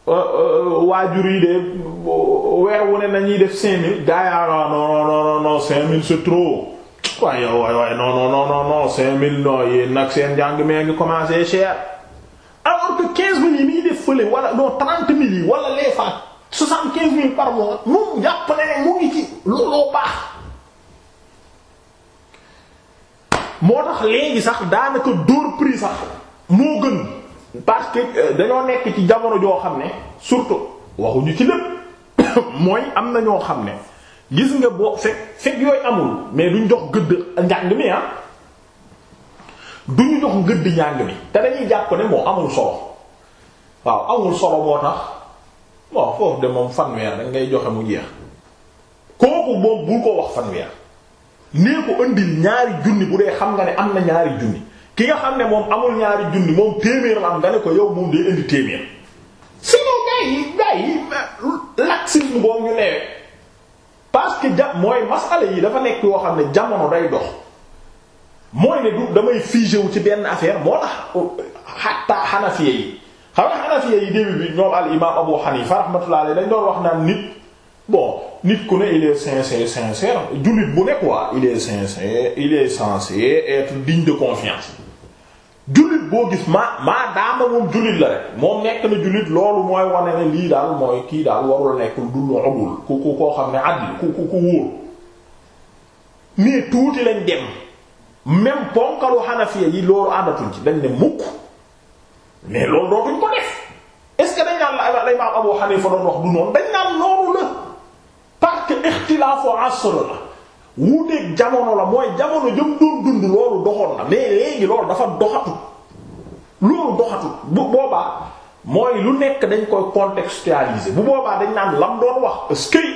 A: Euh, euh, waajur yi de weer wune ne nañuy def cinq mille gars waa ah non non non cinq mille c'est trop waaye waay waay non non non non cinq mille non nag seen njàng mee ngi commencé cher alors que quinze mille yi muy def fële wala non trente mille yi wala les faat soixante quinze mille par mois moom jàpp ne mu ngi ci looloo baax. moo tax léegi sax daanaka dóor prix sax moo gën. parce que euh, dañoo nekk ci jamono joo xam ne surtout waxuñu ci lépp mooy am na ñoo xam ne gis nga boo fekk fekk yooyu amul mais duñ jox gëdd njàng mi du ah. duñu jox gëdd njàng mi te dañuy jàpp ne moo amul solo waaw amul solo moo tax bon foofu de moom fanweer da ngay joxe mu jeex kooku moom bul ko wax fanweer nee ko ëndil ñaari junni bu dee xam nga ne am na ñaari junni ki nga xam ne moom amul ñaari junni moom téeméer la am nga ne ko yow moom day indi téeméer sinon gars yi gars yi euh, laxisme boobu ñu newee parce que ja mooy masala yi dafa nekk yoo xam ne jamono day dox mooy ne du damay figé wu ci benn affaire moo tax xatta euh, xanafiya yi xam nga xanafiya yi début bi ñoom al imam Abu Hanifa dañ doon wax naan nit bon nit ku ne il est sincère sincère bu ne quoi il est sincère il est censé être digne de confiance jullit boo gis ma ma daama moom jullit la rek moom nekk na jullit loolu mooy wane ne lii daal mooy kii daal warul nekk lu dul ne adli ku ku ku wóor dañ ne est-ce que dañ la dañ naan loolu la parce que ixtilaafu asr la wuuteeg jamono la mooy jamono jëm doon dund loolu doxoon na mais léegi loolu dafa doxatul loolu doxatul bu boobaa mooy lu nekk dañ koy contextualiser bu boobaa dañ naan lam doon wax eskey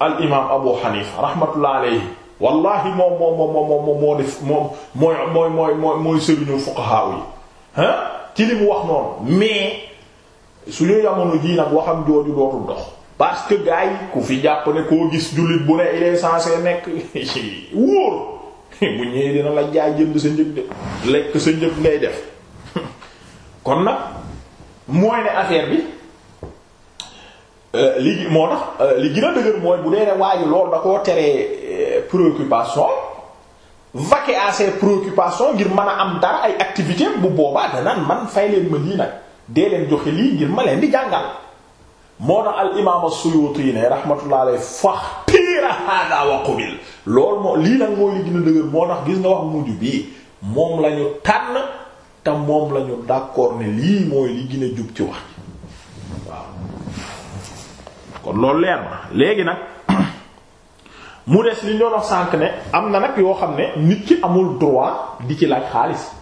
A: al imaam Abu Hanifa rahmatullah alayhi wallahi moom moom moom moom moom moo def moom mooy mooy mooy mooy mooy sëriñu fuqaha yi ah ci li mu wax noonu mais suñu jamono jii nag waxam jooju dootul dox. parce que gars yi ku fi jàpp ne koo gis jullit bu ne il est censé nekk wóor bu ñëwee dina la jaay jënd sa njëg de lekk sa njëg ngay def kon nag mooy ne affaire bi euh, li moo tax euh, li gën dëgër mooy bu dee ne waaye loolu da koo teree euh, préoccupation vaquer à ses préoccupations ngir mën a am dara ay activités bu boobaa danaan man fay leen ma lii nag dee leen joxe lii ngir ma leen di jàngal. moo tax al imaam as-Suyuuti ne rahmatullah alayhi faxtiira haadaa wa qubil loolu moo lii nag mooy li gën a dëgër moo tax gis nga wax mujj bii moom la tànn te moom la ñu ne lii mooy li gën a jub ci wax waaw kon loolu leer na léegi nag mu des li ñu doon wax sànq ne am na nag yoo xam ne nit ci amul droit di ci laaj xaalis.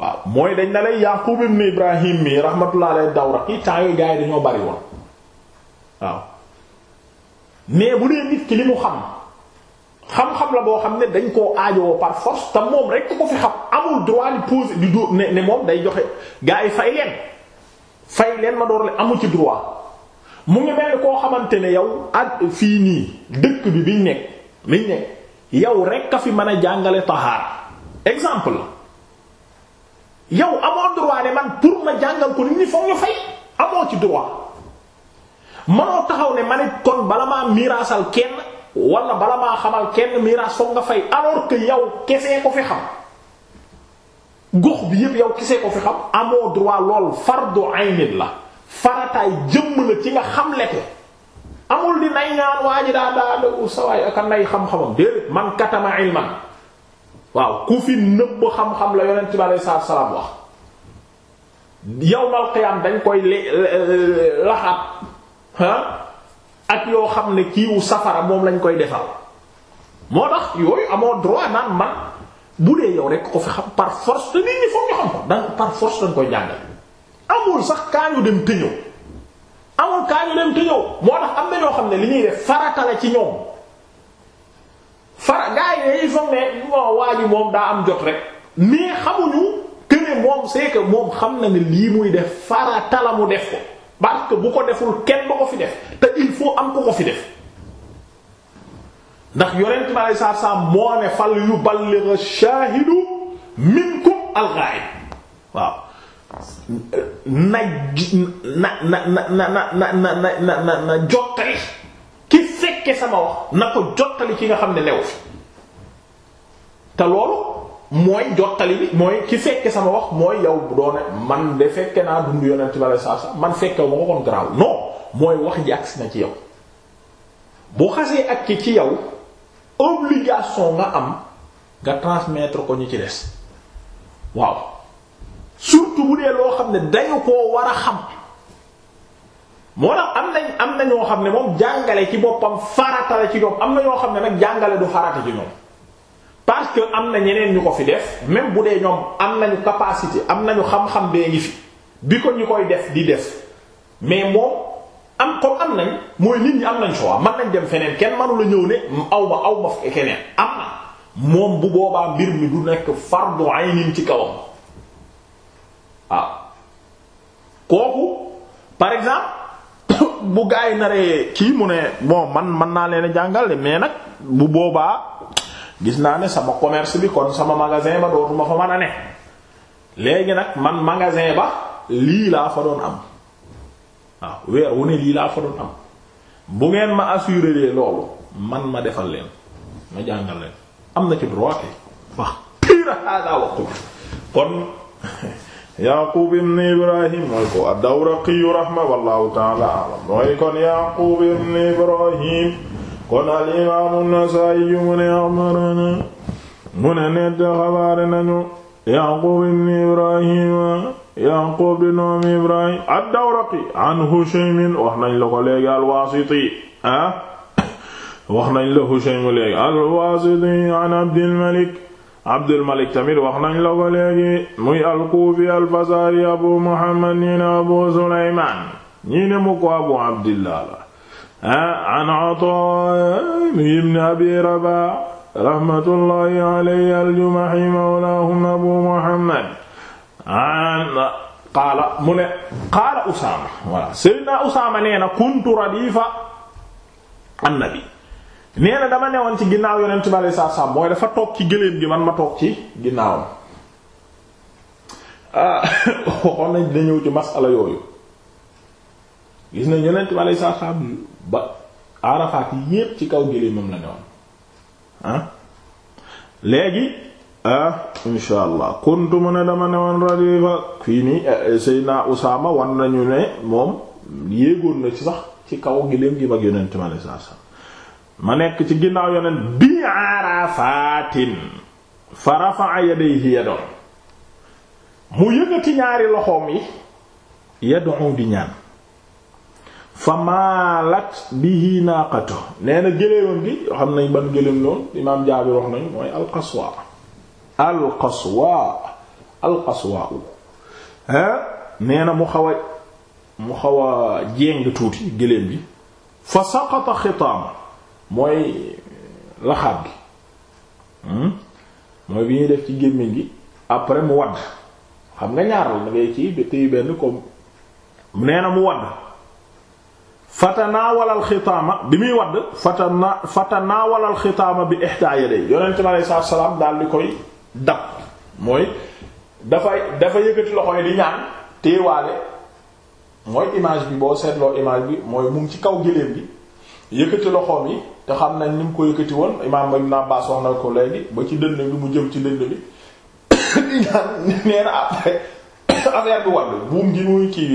A: waaw mooy dañ na lay Yaqub ibn Ibrahim mii rahmatullah alayhi Dawraqi temps yooyu gars dañoo bari woon waaw mais bu dee nit ki li mu xam xam-xam la boo xam ne dañ koo aajoo par force te moom rek ko fi xam amul droit di poser di dóor ne ne moom day joxe gars fay leen fay leen ma door le amul ci droit mu ngi mel koo xamante ne yow at fii nii dëkk bi biñ nekk liñ nekk yow rek a fi mën a jàngale tahaara exemple yow amoo droit ne man pour ma jàngal ko nit ñi foog ñu fay amoo ci droit manoo taxaw ne man it kon bala maa miraasal kenn wala bala maa xamal kenn miraas foog nga fay alors que yow kesee ko fi xam gox bi yépp yow kesee ko fi xam amoo droit lool fardu aynil la farataay jëmm la ci nga xamle ko amul di nay ñaan waa ji daa daa sawaay ak nay xam-xamam déedéet man katama ilman waaw ku fi nëbb xam-xam la yonent bi aleyhi salaatu salaam wax yawmal qiyaam dañ koy laxaat ah ak yoo xam ne kiiwu safara moom lañ koy defal moo tax yooyu amoo droit naan man bu dee yow rek ko fi xam par force te nit ñi foog ñu xam ko danga par force dañ koy jàngal amul sax kaa dem te amul kaa dem te moo tax am na ñoo xam ne li ñuy def farata ci ñoom. fara gars yi dañuy foog ne bon waa ji moom daa am jot rek mais xamuñu que ne moom c'est que moom xam na ne lii muy def farata la mu def ko parce bu ko deful kenn du ko fi def te il faut am ku ko fi def. ndax yonent fal yuballigh ash-shahidu minkum al-ghaib na na na na na na na na na jottali. ki fekke sama wax na ko jottali ki nga xam ne new fi te loolu mooy jottali bi mooy ki fekke sama wax mooy yow doone man de fekke naa dund yonent bi alayhi salaatu man fekke wu ma ko kon garaaw non mooy wax ji agsi na ci yow bu xasee ak ki ci yow obligation nga am nga transmettre ko ñu ci des waaw surtout bu dee loo xam ne dañu koo war a xam moo am nañ am na ñoo xam ne moom jàngale ci boppam farata la ci ñoom am na ñoo xam ne nag jàngale du farata ci ñoom parce que am na ñeneen ñu ko fi def même bu dee ñoom am nañu capacité am nañu xam-xam bee ngi fi bi ko ñu koy def di def mais moom am comme am nañ mooy nit ñi am nañ choix man nañ dem feneen kenn mënu la ñëw ne aw ma aw ma keneen am na moom bu boobaa mbir mi du nekk fardu aynin ci kawam waaw ah. kooku par exemple. bu gaa yi naree kii mu ne bon man man naa leen jàngale mais nag bu boobaa gis naa ne sama commerce bi kon sama magasin ba dootuma fa man a ne léegi nag man magasin ba lii laa fa doon am waaw weer wu ne lii laa fa doon am bu ngeen ma assuré loolu man ma defal leen ma jàngal leen am na ci droit wax pire hada waqtu kon yaqub ibn ibrahim mooy ko ad-dawraqiyu rahma wallahu taala alam mooy kon yaqub ibn ibrahim kon al imaamu nasaayi mu ne axbarana mu ne nett xabaare nañu yaqub ibn ibrahim yaqub di noom ibrahim ad-dawraqi an hushaymin wax nañ la ko léegi al-wasiti ah wax nañ la hushaymu léegi al-wasiti an abdil malik Abdul Malik tamit wax nañ la ko léegi muy al-Kufi al-Fazari abu Muhammad ñii ne abu Sulaymaan ñii ne mu ko abu Abdillah la ah, an Ataa ibn Abi Rabah rahmatullahi alayhi al-Jumahi mawlaahum abu Muhammad qaala mu ne qaala Usaama voilà Seydina Usaama nee na kuntu radifa annabi nee dama newoon ci ginnaaw yonent bi alayhi salaatu salaam mooy dafa toog ci gëléem gi man ma toog ci ginnaawam ah waxoon nañ dina ñëw ci masala yooyu gis nañ yonent bi alayhi salaatu salaam ba Arafat yépp ci kaw gëléemam la newoon ah? léegi ah insha allah kuntu mu ne dama newoon radifa fii nii eh, eh, Seydina Usaama wan nañu ne moom yéegoon na ci sax ci kaw gëléem gi mag yonent bi alayhi salaatu ma nekk ci ginnaaw yonent bi arafatin fa rafa'a yadayhi yad'u mu yëgati ñaari loxoom yi yad'u di ñaan fa maalat bihi naaqatu nee na gëléewoon gi yoo xam nañ ban gëléem loon imaam jaabir wax nañu mooy alqaswa alqaswa alqaswa nee na mu xaw a mu xaw a jéng tuuti gëléem bi fa saqata xitaama mooy laxaab gi hmm? mooy bi ñuy def ci gémmiñ gi après mu wadd xam nga ñaar la ngay ci téy benn comme nee mu wadd fatanaawala alxitaama bi muy wadd fatana fatanaawala alxitaama bi ihdaa yaday bi aleyhi salaatu wa salaam daal di koy dab mooy dafay dafa yëkkati loxo yi di ñaan téewaale mooy image bi boo seetloo image bi mooy mu ci kaw géléem bi yëkkati loxoom yi te na nañ ni mu ko yëkkati woon imaam Ibn Abbas wax na ko léegi ba ci dënd bi mu jëm ci dënd bi di ñaan nee na après affaire bi buum gi muy ci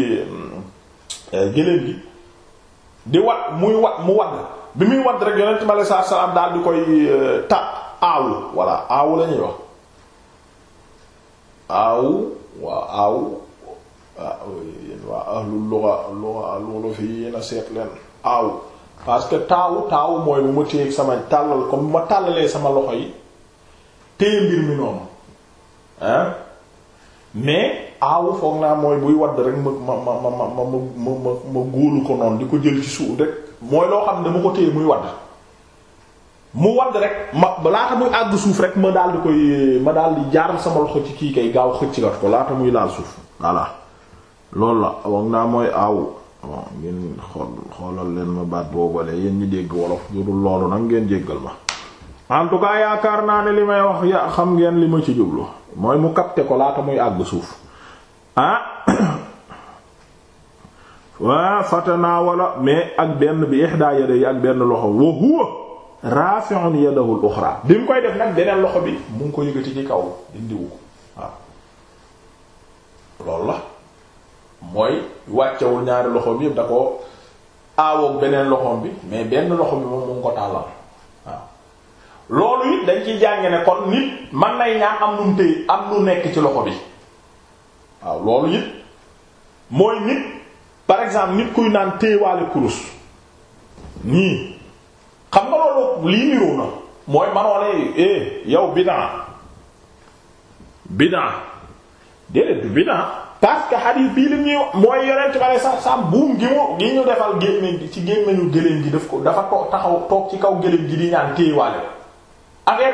A: euh, géléem gi di wat muy wat mu wadd bi muy wadd rek daal di koy euh, tàpp aawu voilà aawu la ñuy wax aawu waa aawu waa fi yéen seet leen aawu parce que taawu taawu mooy bu ma téye sama tàllal comme bu ma tàllalee sama loxo yi téye mbir mi noonu ah mais aawu foog naa mooy buy wadd rek ma ma ma ma ma ko noonu di ko jël ci suuf rek mooy loo xam ne dama ko téye muy wadd mu wadd rek ma laata muy àgg suuf rek ma daal di koy ma daal di jaaral sama loxo ci kii kay gaaw xëcc kat ko laata muy laal suuf voilà loolu la foog naa mooy aawu. bon ngeen xool xoolal leen ma baat boobale yéen ñi dégg wolof lu dul loolu nag ngeen jéggal ma en tout yaakaar naa ne li may wax ya xam ngeen li ma ci jublu mooy mu capter ko laata muy àgg suuf ah waa fatanaa wala mais ak benn bi ihda yaday ak benn loxo wa huwa rafi'un yadahu al-ukhra bi mu koy def nag beneen loxo bi mu ngi ko yëgati ci kaw dindiwu la mooy wàccewul ñaari loxo yëpp da ko aawoog beneen loxoom bi mais benn loxo bi moom mu ngi ko tàllal waaw loolu it dañ ci jànge ne kon nit man nay ñaan am lu mu am lu nekk ci loxo bi waaw loolu it mooy nit par exemple nit kuy naan téyewaale kurus nii xam nga loolu lii niroo na mooy manoole eh yow bidaa bidaa déedéet du bidaa parce que hadith bii lim ñuy mooy yonent ba ne sax saam buum gi mu gi ñu defal gémmiñ gi ci gémmiñu gëléem gi daf ko dafa ko taxaw toog ci kaw gëléem gi di ñaan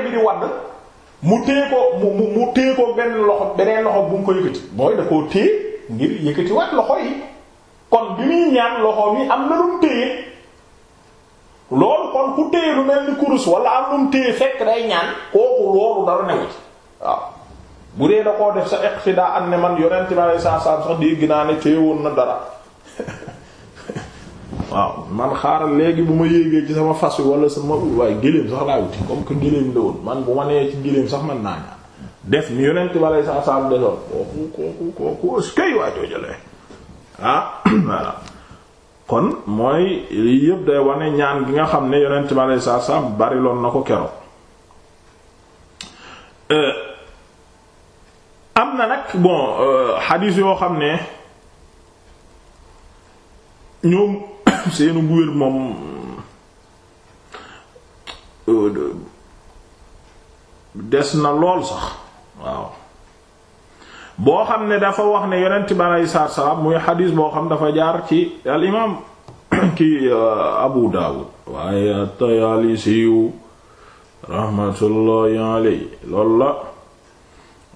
A: bi di wadd mu téye ko mu mu loxo beneen loxo bu ko yëkkati mooy da koo téye loxo kon ñaan loxo mi am na lu téye loolu kon ku téye lu mel ni kurus wala am lu téye fekk day ñaan kooku loolu dara newu ci waaw bu dee da koo def sa iqtidaa am ne man yonent bi alayhi salaam sax dégg naa ne teewoon na dara waaw man xaaral léegi bu ma yéegee ci sama fas wi wala sama waaye géléem sax laa wuti comme que géléem la woon man bu ma nee ci géléem sax man naa ñaan def ni yonent bi alayhi salaam desoon kooku kooku kooku ëskay waa joojale ah voilà kon mooy lii yëpp day wane ñaan gi nga xam ne yonent bi alayhi salaam bariloon na ko keroog euh, am na nag bon xadiis euh, yoo xam ne ñoom seenu bu moom euh, des na lool sax waaw boo xam ne dafa wax ne yonent bi aleyhi salaatu salaam muy xadiis boo xam dafa jaar ci al imaam ki euh, Abu Daawud lool la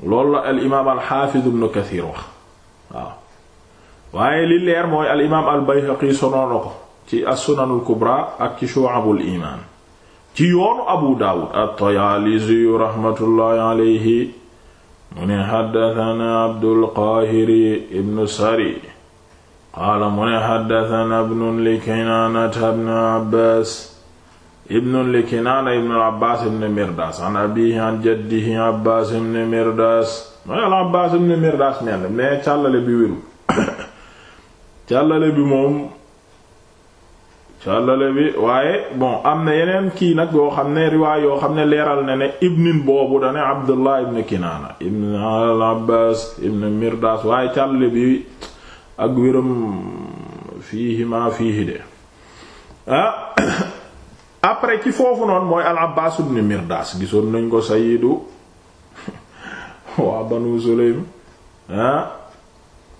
A: loolu la al imaam al xaafiz ibnu Kasiir wax waaw waaye li leer mooy al imaam al Bayhaqi sonoo na ko ci as-Sunanul Kubra ak ci Shu'abul Iimaan ci yoonu Abu Daawud at-Tayaalisi raxmatullaahi alayhi mu ne xaddasanaa Abdul Qaahir ibnu Sari qaala mu ne xaddasanaa ibnun li Kinaanata ibnu Abbaas ibnu likinaana ibnu abbaas ibnu mirdaas an abiihi an jaddihi abbaas ibnu mirdaas mooy al abbaas ibnu mirdaas nenn mais càllale bi wéru càllale bi moom càllale bi waaye bon am na yeneen kii nag yoo xam ne riwaay yoo xam ne leeral na ne ibnin boobu dane abdullah ibnu kinaana ibnu al abbaas ibnu mirdaas waaye càllale bi ak wéram fiihi ma fiihi de ah après ci foofu noonu mooy al Abbaas ibn Mirdaas gisoon nañ ko sayidu waa Banu Sulaym ah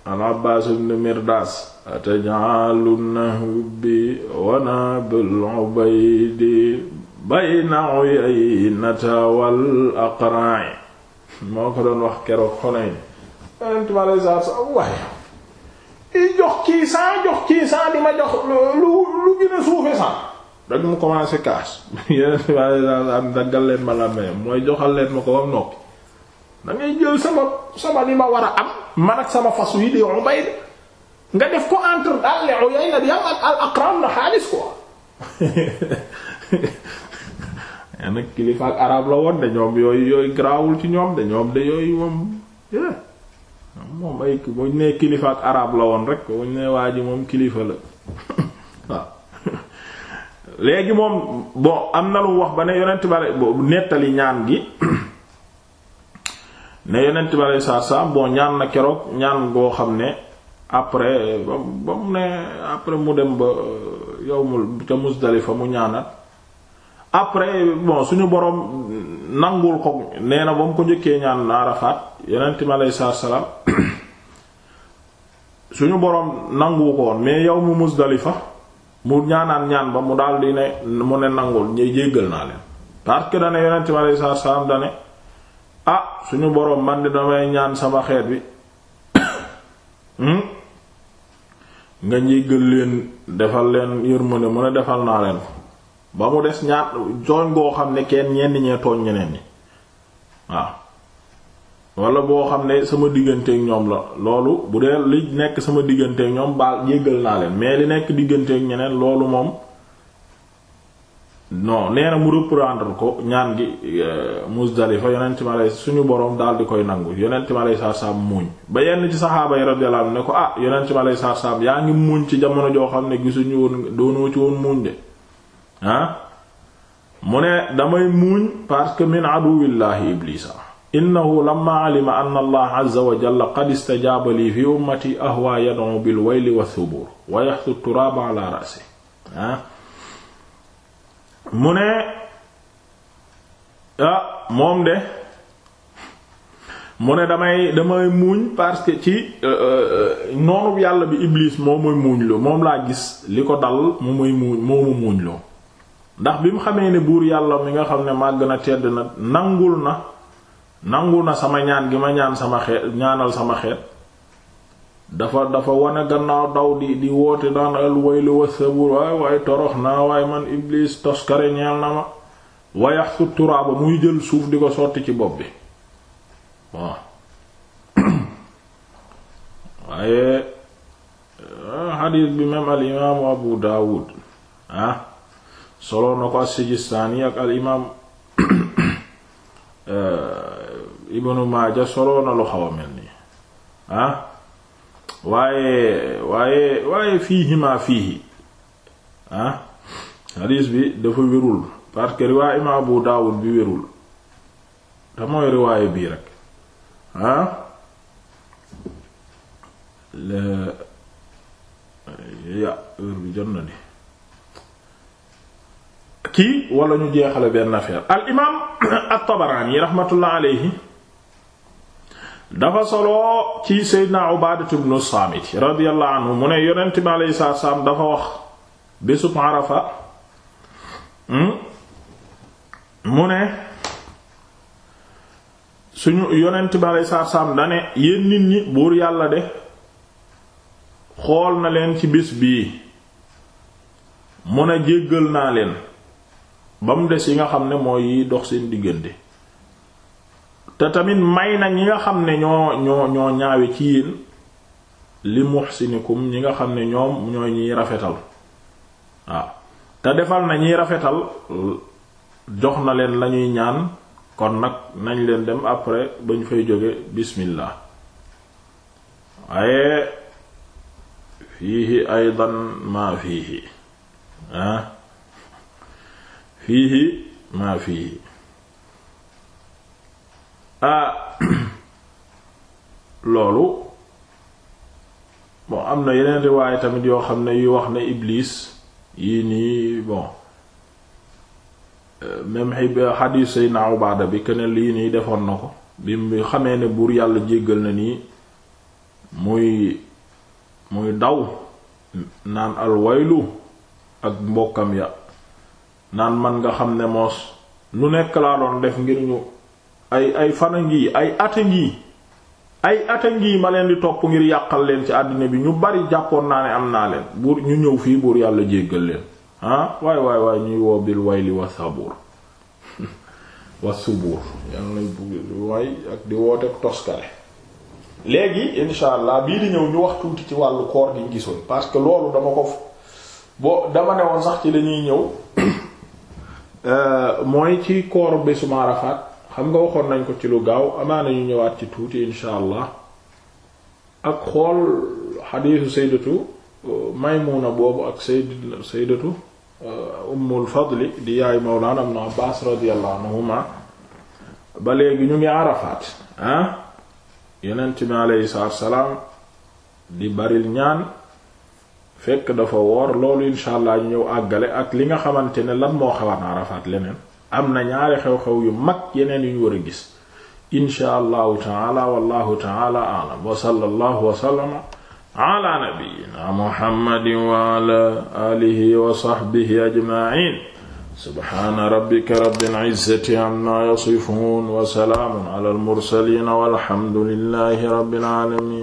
A: al Abbaas ibn Mirdaas ataj'alu nahbi wa nabul ubaydi bayna uyaynata wal aqra'i moo ko doon wax keroog xonay waaye i jox kii jox kii saa ma jox lu lu gën a suufe saa rek mu commencé kaas yeneen waaye am daggal leen ma la mee mooy joxal leen ma ko bam noppi da ngay jël sama sama li ma war a am man ak sama fas yi di Ubayd nga def ko entre al Uyayna di am ak al Aqram na xaalis quoi yaa nag kilifa ak la woon de ñoom yooyu yooyu garaawul ci ñoom de ñoom de yooyu moom moom ay buñ ne kilifa ak la woon rek buñ ne waa ji moom kilifa la léegi moom bon am na lu wax ba ne yonent bale nettali ñaan gi ne yonent bale saa saa bon ñaan na keroog ñaan goo xam ne après ba mu ne après mu dem ba euh, yawmul ca Muzdalifa mu ñaanat après bon suñu boroom nangul ko nee na ba mu ko njëkkee ñaan Arafat yonent bale saa salaam suñu boroom nanguwu ko woon mais yawmu Muzdalifa mu ñaanaan ñaan ba mu daal di ne mu ne nangul ñuy jéggal naa leen parce que dane yonent bi aleyhi salaatu ah suñu boroom man di damay ñaan sama xeet bi hmm, nga jéggal leen defal leen yërmande mu ne defal naa leen ko ba mu des ñaar tooñ goo xam ne kenn ñenn ñee tooñ ñeneen ñi waaw wala boo xam ne sama digganteeg ñoom la loolu bu dee li nekk sama digganteeg ñoom baal jéggal naa leen mais li nekk digganteeg ñeneen loolu moom non nee na mu reprendre ko ñaan gi euh, Muzdalifa yonent mi alay suñu boroom daal di koy nangu ci mi alay sarsam muuñ ba yenn ci saxaaba yi radiyallahu anhu ne ko ah yonent mi alay sarsam yaa ngi muuñ ci jamono joo xam ne gisuñu woon doonoo ci woon muuñ de ah? mu ne damay muuñ parce que min aduwillahi iblisa innahu lamma alima anna allah azza wa jalla qad istajaaba fi ummati ahwa yad'u bil wayli wa thubuur wa yaxsu turaaba ala ra'si mu ne ah, moom de mu ne damay damay muuñ parce que ci euh, euh, noonu yàlla bi Iblis moo muy muuñ loo moom laa gis li ko dal mu muy muuñ moo mu muuñ loo ndax bi mu xamee ne buur yàlla mi nga xam ne màgg na tedd na nangul na nangu na sama ñaan gi ma ñaan sama xeet ñaanal sama xeet dafa dafa wane gannaaw daw di di woote daan al waylu wa sabur waay waaye torox naa waaye man iblis toskare ñeel na ma wayax su turaaba muy jël suuf di ko sotti ci bopp bi waaw waaye euh, xadiis bi même al abu daawud ah solo ko as-sijistaani ak al euh, ibnu maaja soloo na lu xaw a mel nii ah waaye waaye waaye fiihima fiihi ah xadiis bi dafa wérul parce que riwaay imaam abu daawud bi wérul te mooy riwaaye bii rek ah kii wala ñu jeexale benn affaire al imaam at-Tabaraani rahmatullah alayhi dafa solo ci seydina ubaadatu bnu saamit radiyallahu anhu mu ne yonent bi alayhi dafa wax bésub arafa hmm? mu ne suñu yonent bi alayhi dane yéen nit ñi buur yàlla de xool na leen ci bés bii mu ne jéggal naa leen ba mu des yi nga xam ne mooy yi dox seen diggante te tamit may na ñi nga xam ne ñoo ñoo ñaawi ñaawe ci yéen li muhsinikum ñi nga xam ne ñoom ñooy ñiy rafetal waaw te defal na ñiy rafetal jox na leen lañuy ñaan kon nag nañ leen dem après ba ñu fay jóge bismillah waaye fiihi aydan maa fiihi ah maa fiihi Ah, loolu bon am na yeneen riwaaye tamit yoo xam ne yu wax ne Iblis yii nii bon euh, même xadiis Seydina baada bi keneen lii nii defoon na ko bi mu xamee ne buur yàlla jéggal na nii muy muy daw naan alwaylu ak mbokkam ya naan man nga xam ne moos lu nekk laa doon def ngir ñu ay ay fan a ngi ay ata ngi ay ata ngi ma leen di topp ngir yàqal leen ci àddina bi ñu bari jàppoon naa ne am naa leen buur ñu ñëw fii buur yàlla jéggal leen ah waay waay ñuy woo bil wayli wa sabur wa subur yàlla nañ bugg waay ak di woote toskare léegi insha allah bii di ñëw ñu wax tuuti ci wàllu koor gi gisoon parce que loolu dama ko bo dama ne woon sax ci lañuy ñëw euh, mooy ci koor bésu Arafat xam nga waxoon nañ ko ci lu gaaw amaana ñu ñëwaat ci tuuti insha allah ak xool xadiisu saydatu uh, maymuna boobu ak sayd saydatu uh, ummul fadli di yaay mawlana ibn abbas radiyallahu anhuma ba léegi ñu ngi arafaat ah yonent bi aleyhi salaam di baril ñaan fekk dafa woor loolu insha allah ñu ñëw àggale ak li nga xamante ne lan moo xewaat arafaat leneen am na ñaari xew-xew yu mag yeneen yu ñu war a gis insha allahu taala wallahu taala a'lam wa sallallahu wa sallama ala nabiyyina muhammadin wa ala alihi wa sahbihi ajma'in subhana rabbika rabbil izzati amma yasifun wa salaamun ala al mursalin walhamdulillahi rabbil alamin